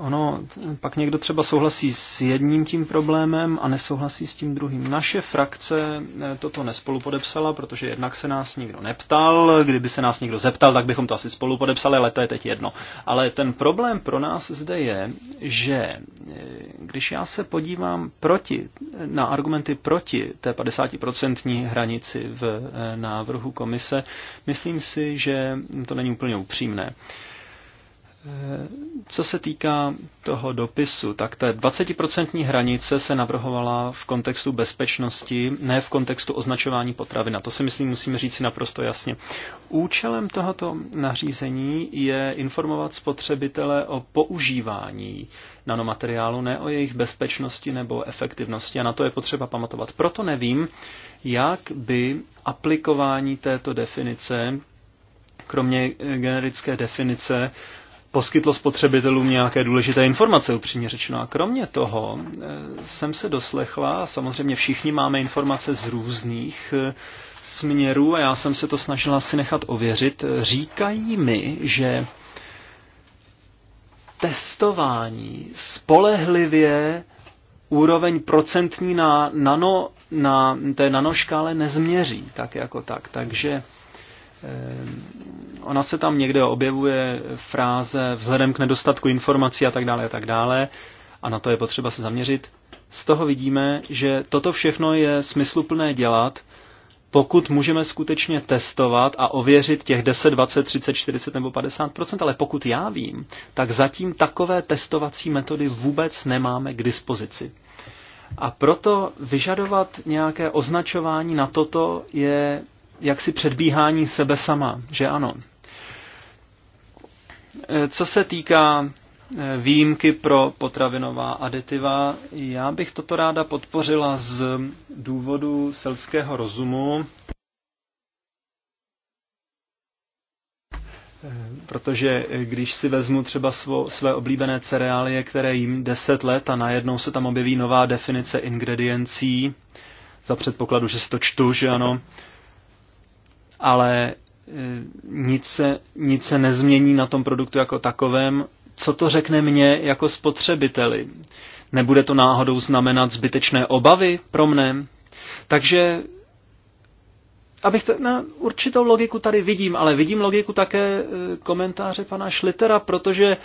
Ono, pak někdo třeba souhlasí s jedním tím problémem a nesouhlasí s tím druhým. Naše frakce eh, toto nespolupodepsala, protože jednak se nás nikdo neptal, kdyby se nás někdo zeptal, tak bychom to asi spolupodepsali. ale to je teď jedno. Ale ten problém pro nás zde je, že eh, když já se podívám proti, na argumenty proti té 50% hranici v eh, návrhu komise, myslím si, že to není úplně upřímné. Co se týká toho dopisu, tak ta 20% hranice se navrhovala v kontextu bezpečnosti, ne v kontextu označování potravin. A to si myslím, musíme říct naprosto jasně. Účelem tohoto nařízení je informovat spotřebitele o používání nanomateriálu, ne o jejich bezpečnosti nebo efektivnosti. A na to je potřeba pamatovat. Proto nevím, jak by aplikování této definice kromě generické definice poskytlo spotřebitelům nějaké důležité informace, upřímně řečeno. A kromě toho eh, jsem se doslechla, samozřejmě všichni máme informace z různých eh, směrů a já jsem se to snažila si nechat ověřit, říkají mi, že testování spolehlivě úroveň procentní na, nano, na té nanoškále nezměří tak jako tak. Takže Ehm, ona se tam někde objevuje fráze vzhledem k nedostatku informací a tak dále a tak dále a na to je potřeba se zaměřit. Z toho vidíme, že toto všechno je smysluplné dělat, pokud můžeme skutečně testovat a ověřit těch 10, 20, 30, 40 nebo 50 ale pokud já vím, tak zatím takové testovací metody vůbec nemáme k dispozici. A proto vyžadovat nějaké označování na toto je jaksi předbíhání sebe sama, že ano. Eh, co se týká eh, výjimky pro potravinová aditiva, já bych toto ráda podpořila z důvodu selského rozumu, eh, protože když si vezmu třeba svo, své oblíbené cereálie, které jim 10 let a najednou se tam objeví nová definice ingrediencí, za předpokladu, že si to čtu, že ano, ale e, nic se, nic se nezmění na tom produktu jako takovém. Co to řekne mě jako spotřebiteli? Nebude to náhodou znamenat zbytečné obavy pro mne? Takže abych t- na určitou logiku tady vidím, ale vidím logiku také e, komentáře pana Šlitera, protože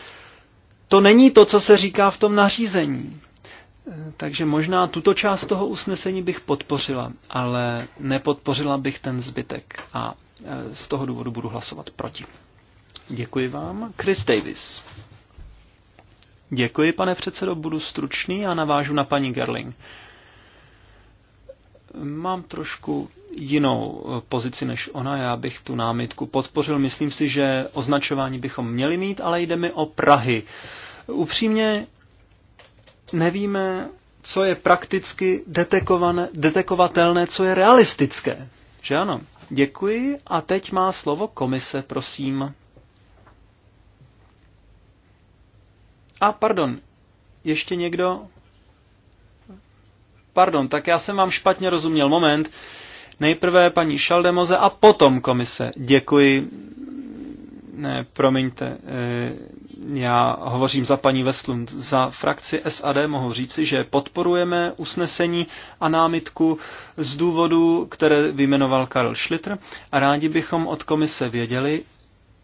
to není to, co se říká v tom nařízení. Takže možná tuto část toho usnesení bych podpořila, ale nepodpořila bych ten zbytek a e, z toho důvodu budu hlasovat proti. Děkuji vám. Chris Davis. Děkuji, pane předsedo, budu stručný a navážu na paní Gerling. Mám trošku jinou e, pozici než ona, já bych tu námitku podpořil. Myslím si, že označování bychom měli mít, ale jde mi o Prahy. Upřímně nevíme, co je prakticky detekovatelné, co je realistické. Že ano? Děkuji a teď má slovo komise, prosím. A pardon, ještě někdo? Pardon, tak já jsem vám špatně rozuměl. Moment. Nejprve paní Šaldemoze a potom komise. Děkuji. Ne, promiňte. Eh, já hovořím za paní Westlund. Za frakci SAD mohu říci, že podporujeme usnesení a námitku z důvodu, které vyjmenoval Karl Schlitter a rádi bychom od komise věděli,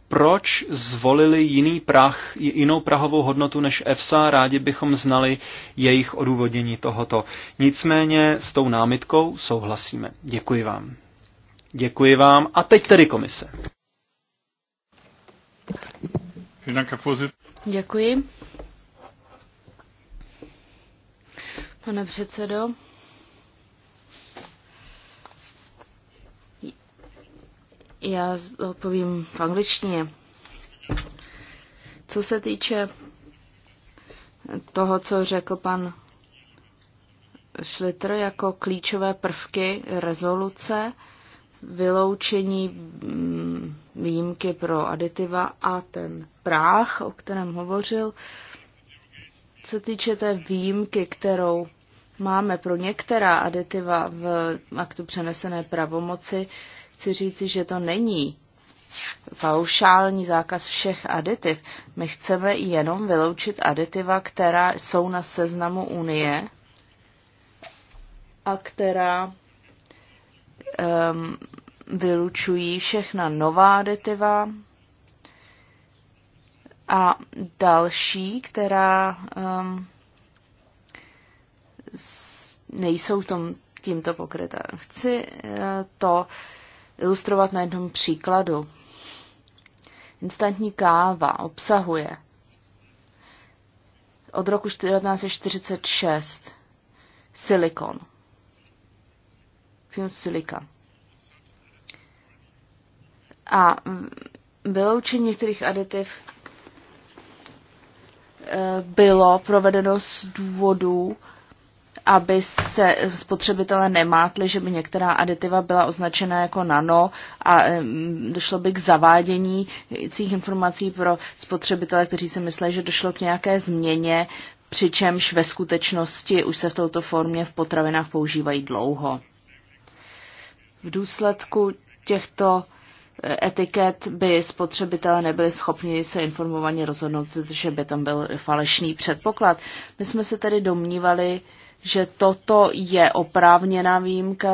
proč zvolili jiný prach, jinou prahovou hodnotu než EFSA, rádi bychom znali jejich odůvodnění tohoto. Nicméně s tou námitkou souhlasíme. Děkuji vám. Děkuji vám. A teď tedy komise. Pane předsedo, já odpovím v angličtině. Co se týče toho, co řekl pan Schlitter jako klíčové prvky rezoluce, vyloučení mm, výjimky pro aditiva a ten práh, o kterém hovořil, se týče té výjimky, kterou máme pro některá aditiva v aktu přenesené pravomoci, chci říci, že to není paušální zákaz všech aditiv. My chceme jenom vyloučit aditiva, která jsou na seznamu Unie a která um, vylučují všechna nová aditiva a další, která um, nejsou tom, tímto pokryta. Chci uh, to ilustrovat na jednom příkladu. Instantní káva obsahuje od roku 1946 silikon film silika. A vyloučení některých aditiv eh, bylo provedeno z důvodu, aby se spotřebitelé nemátli, že by některá aditiva byla označena jako nano a mm, došlo by k zavádění cích informací pro spotřebitele, kteří si myslí, že došlo k nějaké změně, přičemž ve skutečnosti už se v touto formě v potravinách používají dlouho. V důsledku těchto eh, etiket by spotřebitelé nebyli schopni se informovaně rozhodnout, že by tam byl falešný předpoklad. My jsme se tedy domnívali, že toto je oprávněná výjimka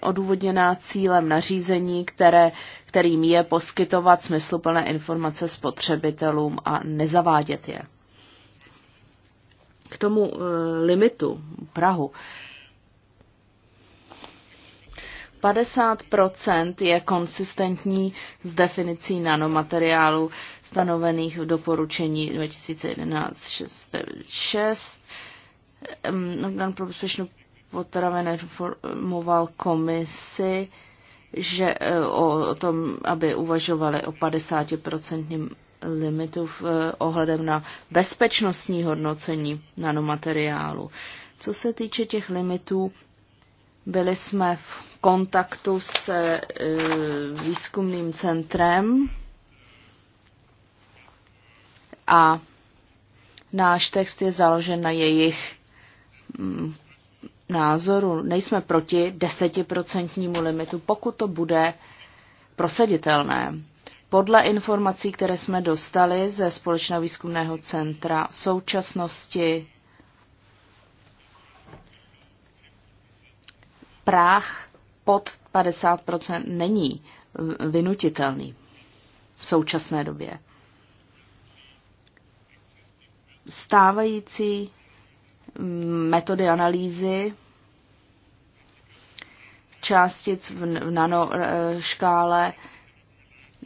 odůvodněná cílem nařízení, které, kterým je poskytovat smysluplné informace spotřebitelům a nezavádět je. K tomu eh, limitu Prahu. 50 je konsistentní s definicí nanomateriálu stanovených v doporučení 2011-6. Orgán pro bezpečnou potravin informoval komisi, že eh, o, o tom, aby uvažovali o 50% limitu v, eh, ohledem na bezpečnostní hodnocení nanomateriálu. Co se týče těch limitů, byli jsme v kontaktu s e, výzkumným centrem a náš text je založen na jejich mm, názoru. Nejsme proti desetiprocentnímu limitu, pokud to bude proseditelné. Podle informací, které jsme dostali ze Společného výzkumného centra, v současnosti práh pod 50% není vynutitelný v současné době. Stávající metody analýzy částic v nanoškále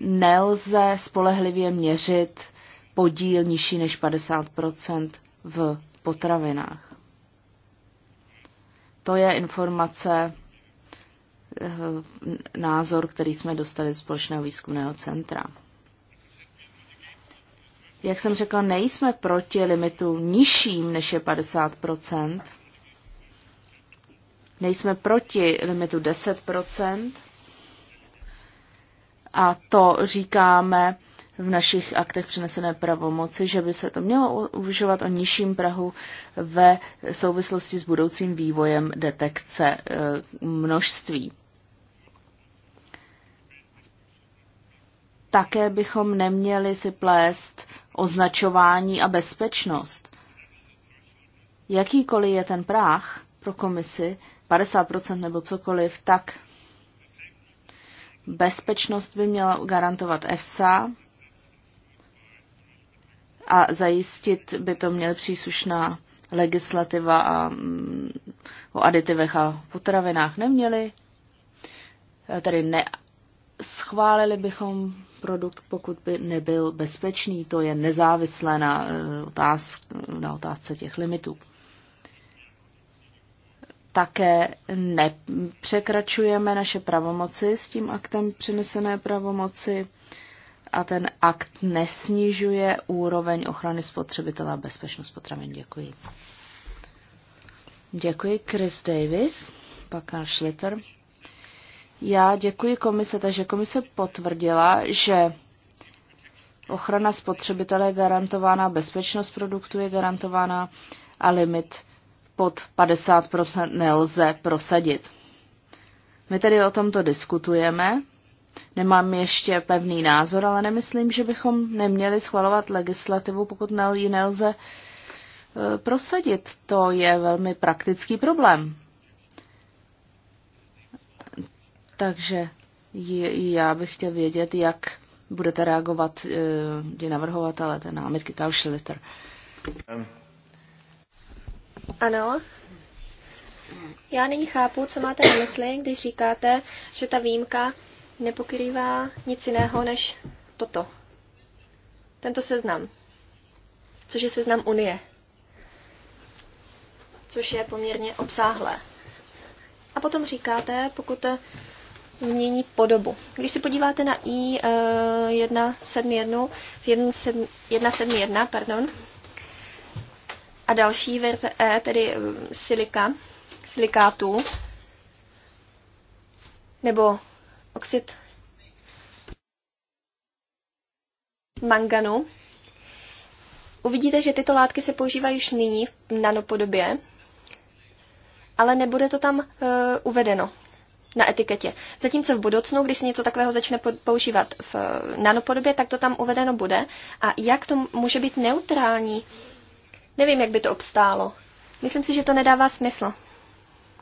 nelze spolehlivě měřit podíl nižší než 50 v potravinách. To je informace Eh, názor, který jsme dostali z Společného výzkumného centra. Jak jsem řekla, nejsme proti limitu nižším než je 50 Nejsme proti limitu 10 a to říkáme v našich aktech přenesené pravomoci, že by se to mělo uvažovat o nižším Prahu ve souvislosti s budoucím vývojem detekce eh, množství. také bychom neměli si plést označování a bezpečnost. Jakýkoliv je ten práh pro komisi, 50% nebo cokoliv, tak bezpečnost by měla garantovat EFSA a zajistit by to měl příslušná legislativa a, mm, o aditivech a potravinách. Neměli eh, tedy ne, schválili bychom produkt, pokud by nebyl bezpečný. To je nezávislé na, eh, otázk, na otázce těch limitů. Také nepřekračujeme naše pravomoci s tím aktem přenesené pravomoci a ten akt nesnižuje úroveň ochrany spotřebitele a bezpečnost potravin. Děkuji. Děkuji, Chris Davis, pak Karl Schlitter. Já děkuji komise, takže komise potvrdila, že ochrana spotřebitele je garantována, bezpečnost produktu je garantována a limit pod 50% nelze prosadit. My tedy o tomto diskutujeme. Nemám ještě pevný názor, ale nemyslím, že bychom neměli schvalovat legislativu, pokud ji nelze e, prosadit. To je velmi praktický problém. Takže já bych chtěl vědět, jak budete reagovat eh, ti navrhovatele, ten námitky Karl Ano. Já nyní chápu, co máte na mysli, když říkáte, že ta výjimka nepokrývá nic jiného než toto. Tento seznam. Což je seznam Unie. Což je poměrně obsáhlé. A potom říkáte, pokud změní podobu. Když se podíváte na I171, 171, eh, pardon, a další verze E, tedy eh, silika, silikátů, nebo oxid manganu, uvidíte, že tyto látky se používají už nyní v nanopodobě, ale nebude to tam e, uvedeno na etiketě. Zatímco v budoucnu, když se něco takového začne používat v eh, nanopodobě, tak to tam uvedeno bude. A jak to může být neutrální? Nevím, jak by to obstálo. Myslím si, že to nedává smysl.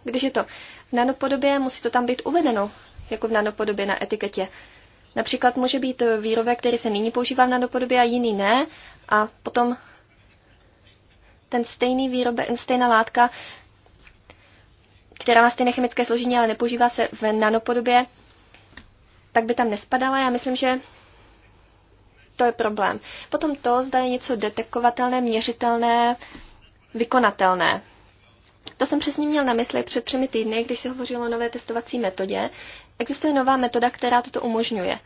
Když je to v nanopodobě, musí to tam být uvedeno, jako v nanopodobě na etiketě. Například může být eh, výrobek, který se nyní používá v nanopodobě a jiný ne, a potom ten stejný výrobek, stejná látka která má stejné chemické složení, ale nepoužívá se v nanopodobě, tak by tam nespadala. Já myslím, že to je problém. Potom to, zda je něco detekovatelné, měřitelné, vykonatelné. To jsem přesně měl na mysli před třemi týdny, když se hovořilo o nové testovací metodě. Existuje nová metoda, která toto umožňuje.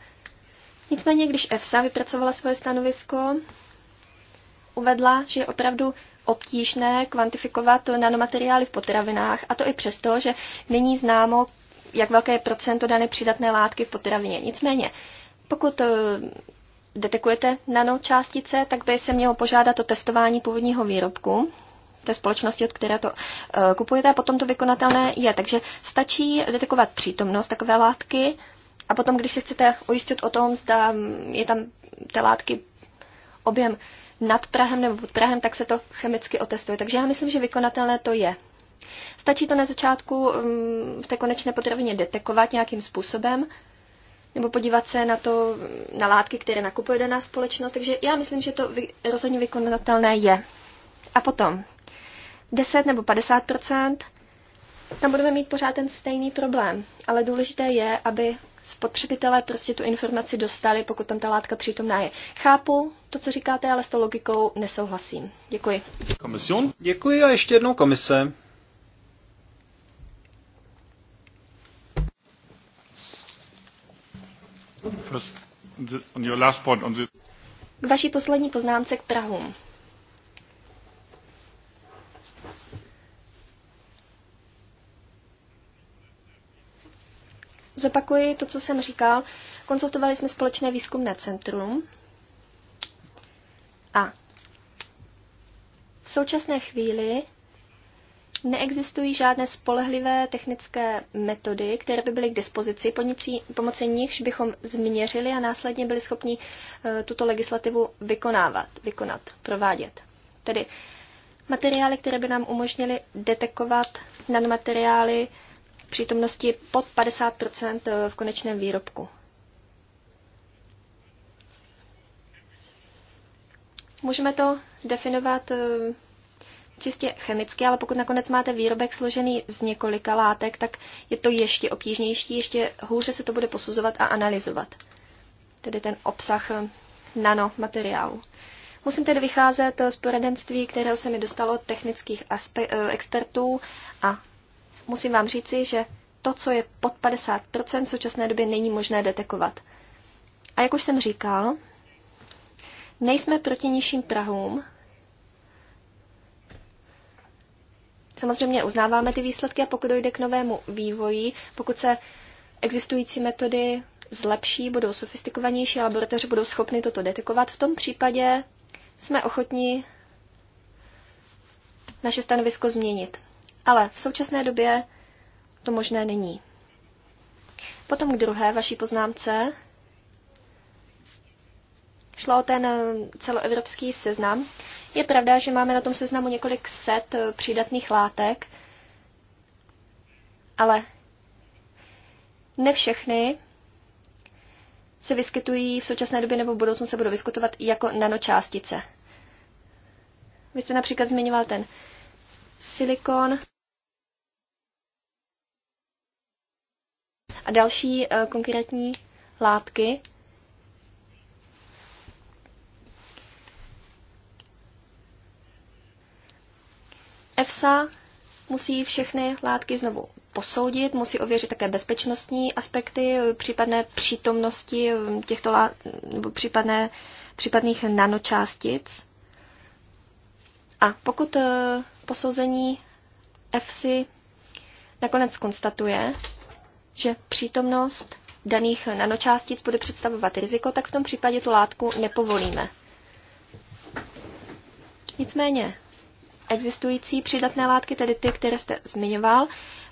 Nicméně, když EFSA vypracovala svoje stanovisko, uvedla, že je opravdu obtížné kvantifikovat nanomateriály v potravinách, a to i přesto, že není známo, jak velké procento dané přidatné látky v potravině. Nicméně, pokud eh, detekujete nanočástice, tak by se mělo požádat o testování původního výrobku té společnosti, od které to eh, kupujete, a potom to vykonatelné je. Takže stačí detekovat přítomnost takové látky a potom, když se chcete ujistit o tom, zda mm, je tam té látky objem nad Prahem nebo pod Prahem, tak se to chemicky otestuje. Takže já myslím, že vykonatelné to je. Stačí to na začátku um, v té konečné potravině detekovat nějakým způsobem, nebo podívat se na to, na látky, které nakupuje daná společnost. Takže já myslím, že to vy, rozhodně vykonatelné je. A potom 10 nebo 50 tam budeme mít pořád ten stejný problém. Ale důležité je, aby spotřebitelé prostě tu informaci dostali, pokud tam ta látka přítomná je. Chápu to, co říkáte, ale s tou logikou nesouhlasím. Děkuji. Komision? Děkuji a ještě jednou komise. K vaší poslední poznámce k Prahům. Zopakuji to, co jsem říkal. Konzultovali jsme společné výzkumné centrum a v současné chvíli neexistují žádné spolehlivé technické metody, které by byly k dispozici, pomocí nichž bychom změřili a následně byli schopni eh, tuto legislativu vykonávat, vykonat, provádět. Tedy materiály, které by nám umožnily detekovat nanomateriály, přítomnosti pod 50 eh, v konečném výrobku. Můžeme to definovat eh, čistě chemicky, ale pokud nakonec máte výrobek složený z několika látek, tak je to ještě obtížnější, ještě hůře se to bude posuzovat a analyzovat. Tedy ten obsah eh, nanomateriálu. Musím tedy vycházet z poradenství, kterého se mi dostalo od technických expertů a musím vám říci, že to, co je pod 50%, v současné době není možné detekovat. A jak už jsem říkal, nejsme proti nižším Prahům. Samozřejmě uznáváme ty výsledky a pokud dojde k novému vývoji, pokud se existující metody zlepší, budou sofistikovanější a laboratoři budou schopny toto detekovat, v tom případě jsme ochotni naše stanovisko změnit. Ale v současné době to možné není. Potom k druhé vaší poznámce. Šlo o ten eh, celoevropský seznam. Je pravda, že máme na tom seznamu několik set eh, přídatných látek, ale ne všechny se vyskytují v současné době nebo v budoucnu se budou vyskytovat jako nanočástice. Vy jste například zmiňoval ten silikon a další eh, konkrétní látky. EFSA musí všechny látky znovu posoudit, musí ověřit také bezpečnostní aspekty, případné přítomnosti mm, těchto lá... nebo případné, případných nanočástic. A pokud eh, posouzení EFSI nakonec konstatuje, že přítomnost daných nanočástic bude představovat riziko, tak v tom případě tu látku nepovolíme. Nicméně existující přidatné látky, tedy ty, které jste zmiňoval,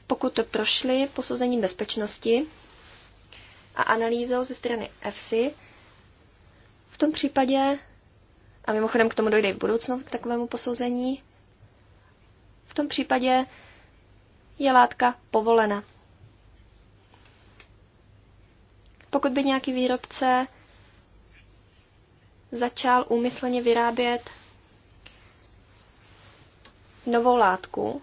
pokud to prošly posouzením bezpečnosti a analýzou ze strany EFSI, v tom případě, a mimochodem k tomu dojde i v budoucnu k takovému posouzení, tom případě je látka povolena. Pokud by nějaký výrobce začal úmyslně vyrábět novou látku,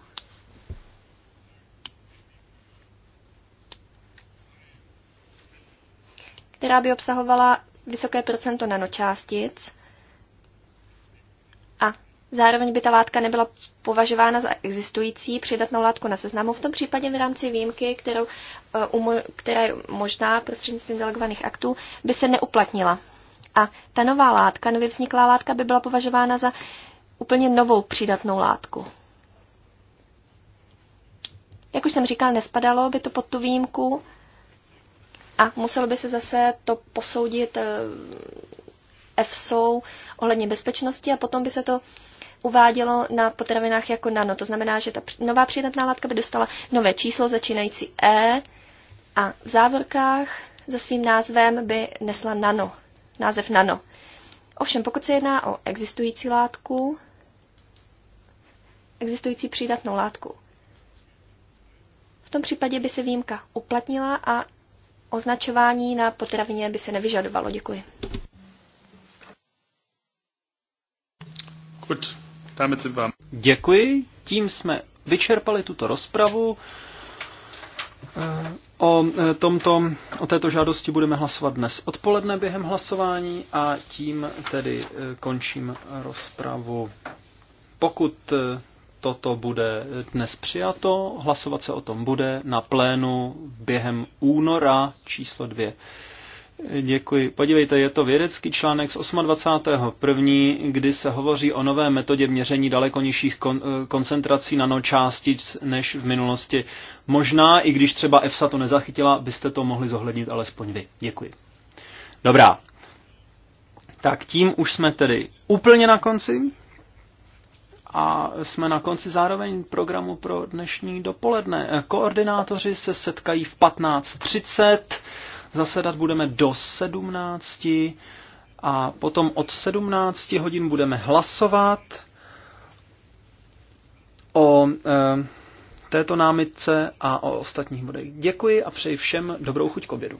která by obsahovala vysoké procento nanočástic, Zároveň by ta látka nebyla považována za existující přidatnou látku na seznamu, v tom případě v rámci výjimky, kterou, e, která je možná prostřednictvím delegovaných aktů, by se neuplatnila. A ta nová látka, nově vzniklá látka, by byla považována za úplně novou přidatnou látku. Jak už jsem říkal, nespadalo by to pod tu výjimku a muselo by se zase to posoudit EFSOU ohledně bezpečnosti a potom by se to uvádělo na potravinách jako nano. To znamená, že ta nová přídatná látka by dostala nové číslo začínající E a v závorkách za svým názvem by nesla nano, název nano. Ovšem, pokud se jedná o existující látku, existující přídatnou látku, v tom případě by se výjimka uplatnila a označování na potravině by se nevyžadovalo. Děkuji. Good. Děkuji. Tím jsme vyčerpali tuto rozpravu. O, e, tomto, o této žádosti budeme hlasovat dnes odpoledne během hlasování a tím tedy e, končím rozpravu. Pokud e, toto bude dnes přijato, hlasovat se o tom bude na plénu během února číslo dvě. Děkuji. Podívejte, je to vědecký článek z 28.1., kdy se hovoří o nové metodě měření daleko nižších kon- eh, koncentrací nanočástic než v minulosti. Možná, i když třeba EFSA to nezachytila, byste to mohli zohlednit alespoň vy. Děkuji. Dobrá. Tak tím už jsme tedy úplně na konci a jsme na konci zároveň programu pro dnešní dopoledne. Eh, koordinátoři se setkají v 15.30 Zasedat budeme do 17 a potom od 17 hodin budeme hlasovat o e, této námitce a o ostatních bodech. Děkuji a přeji všem dobrou chuť k obědu.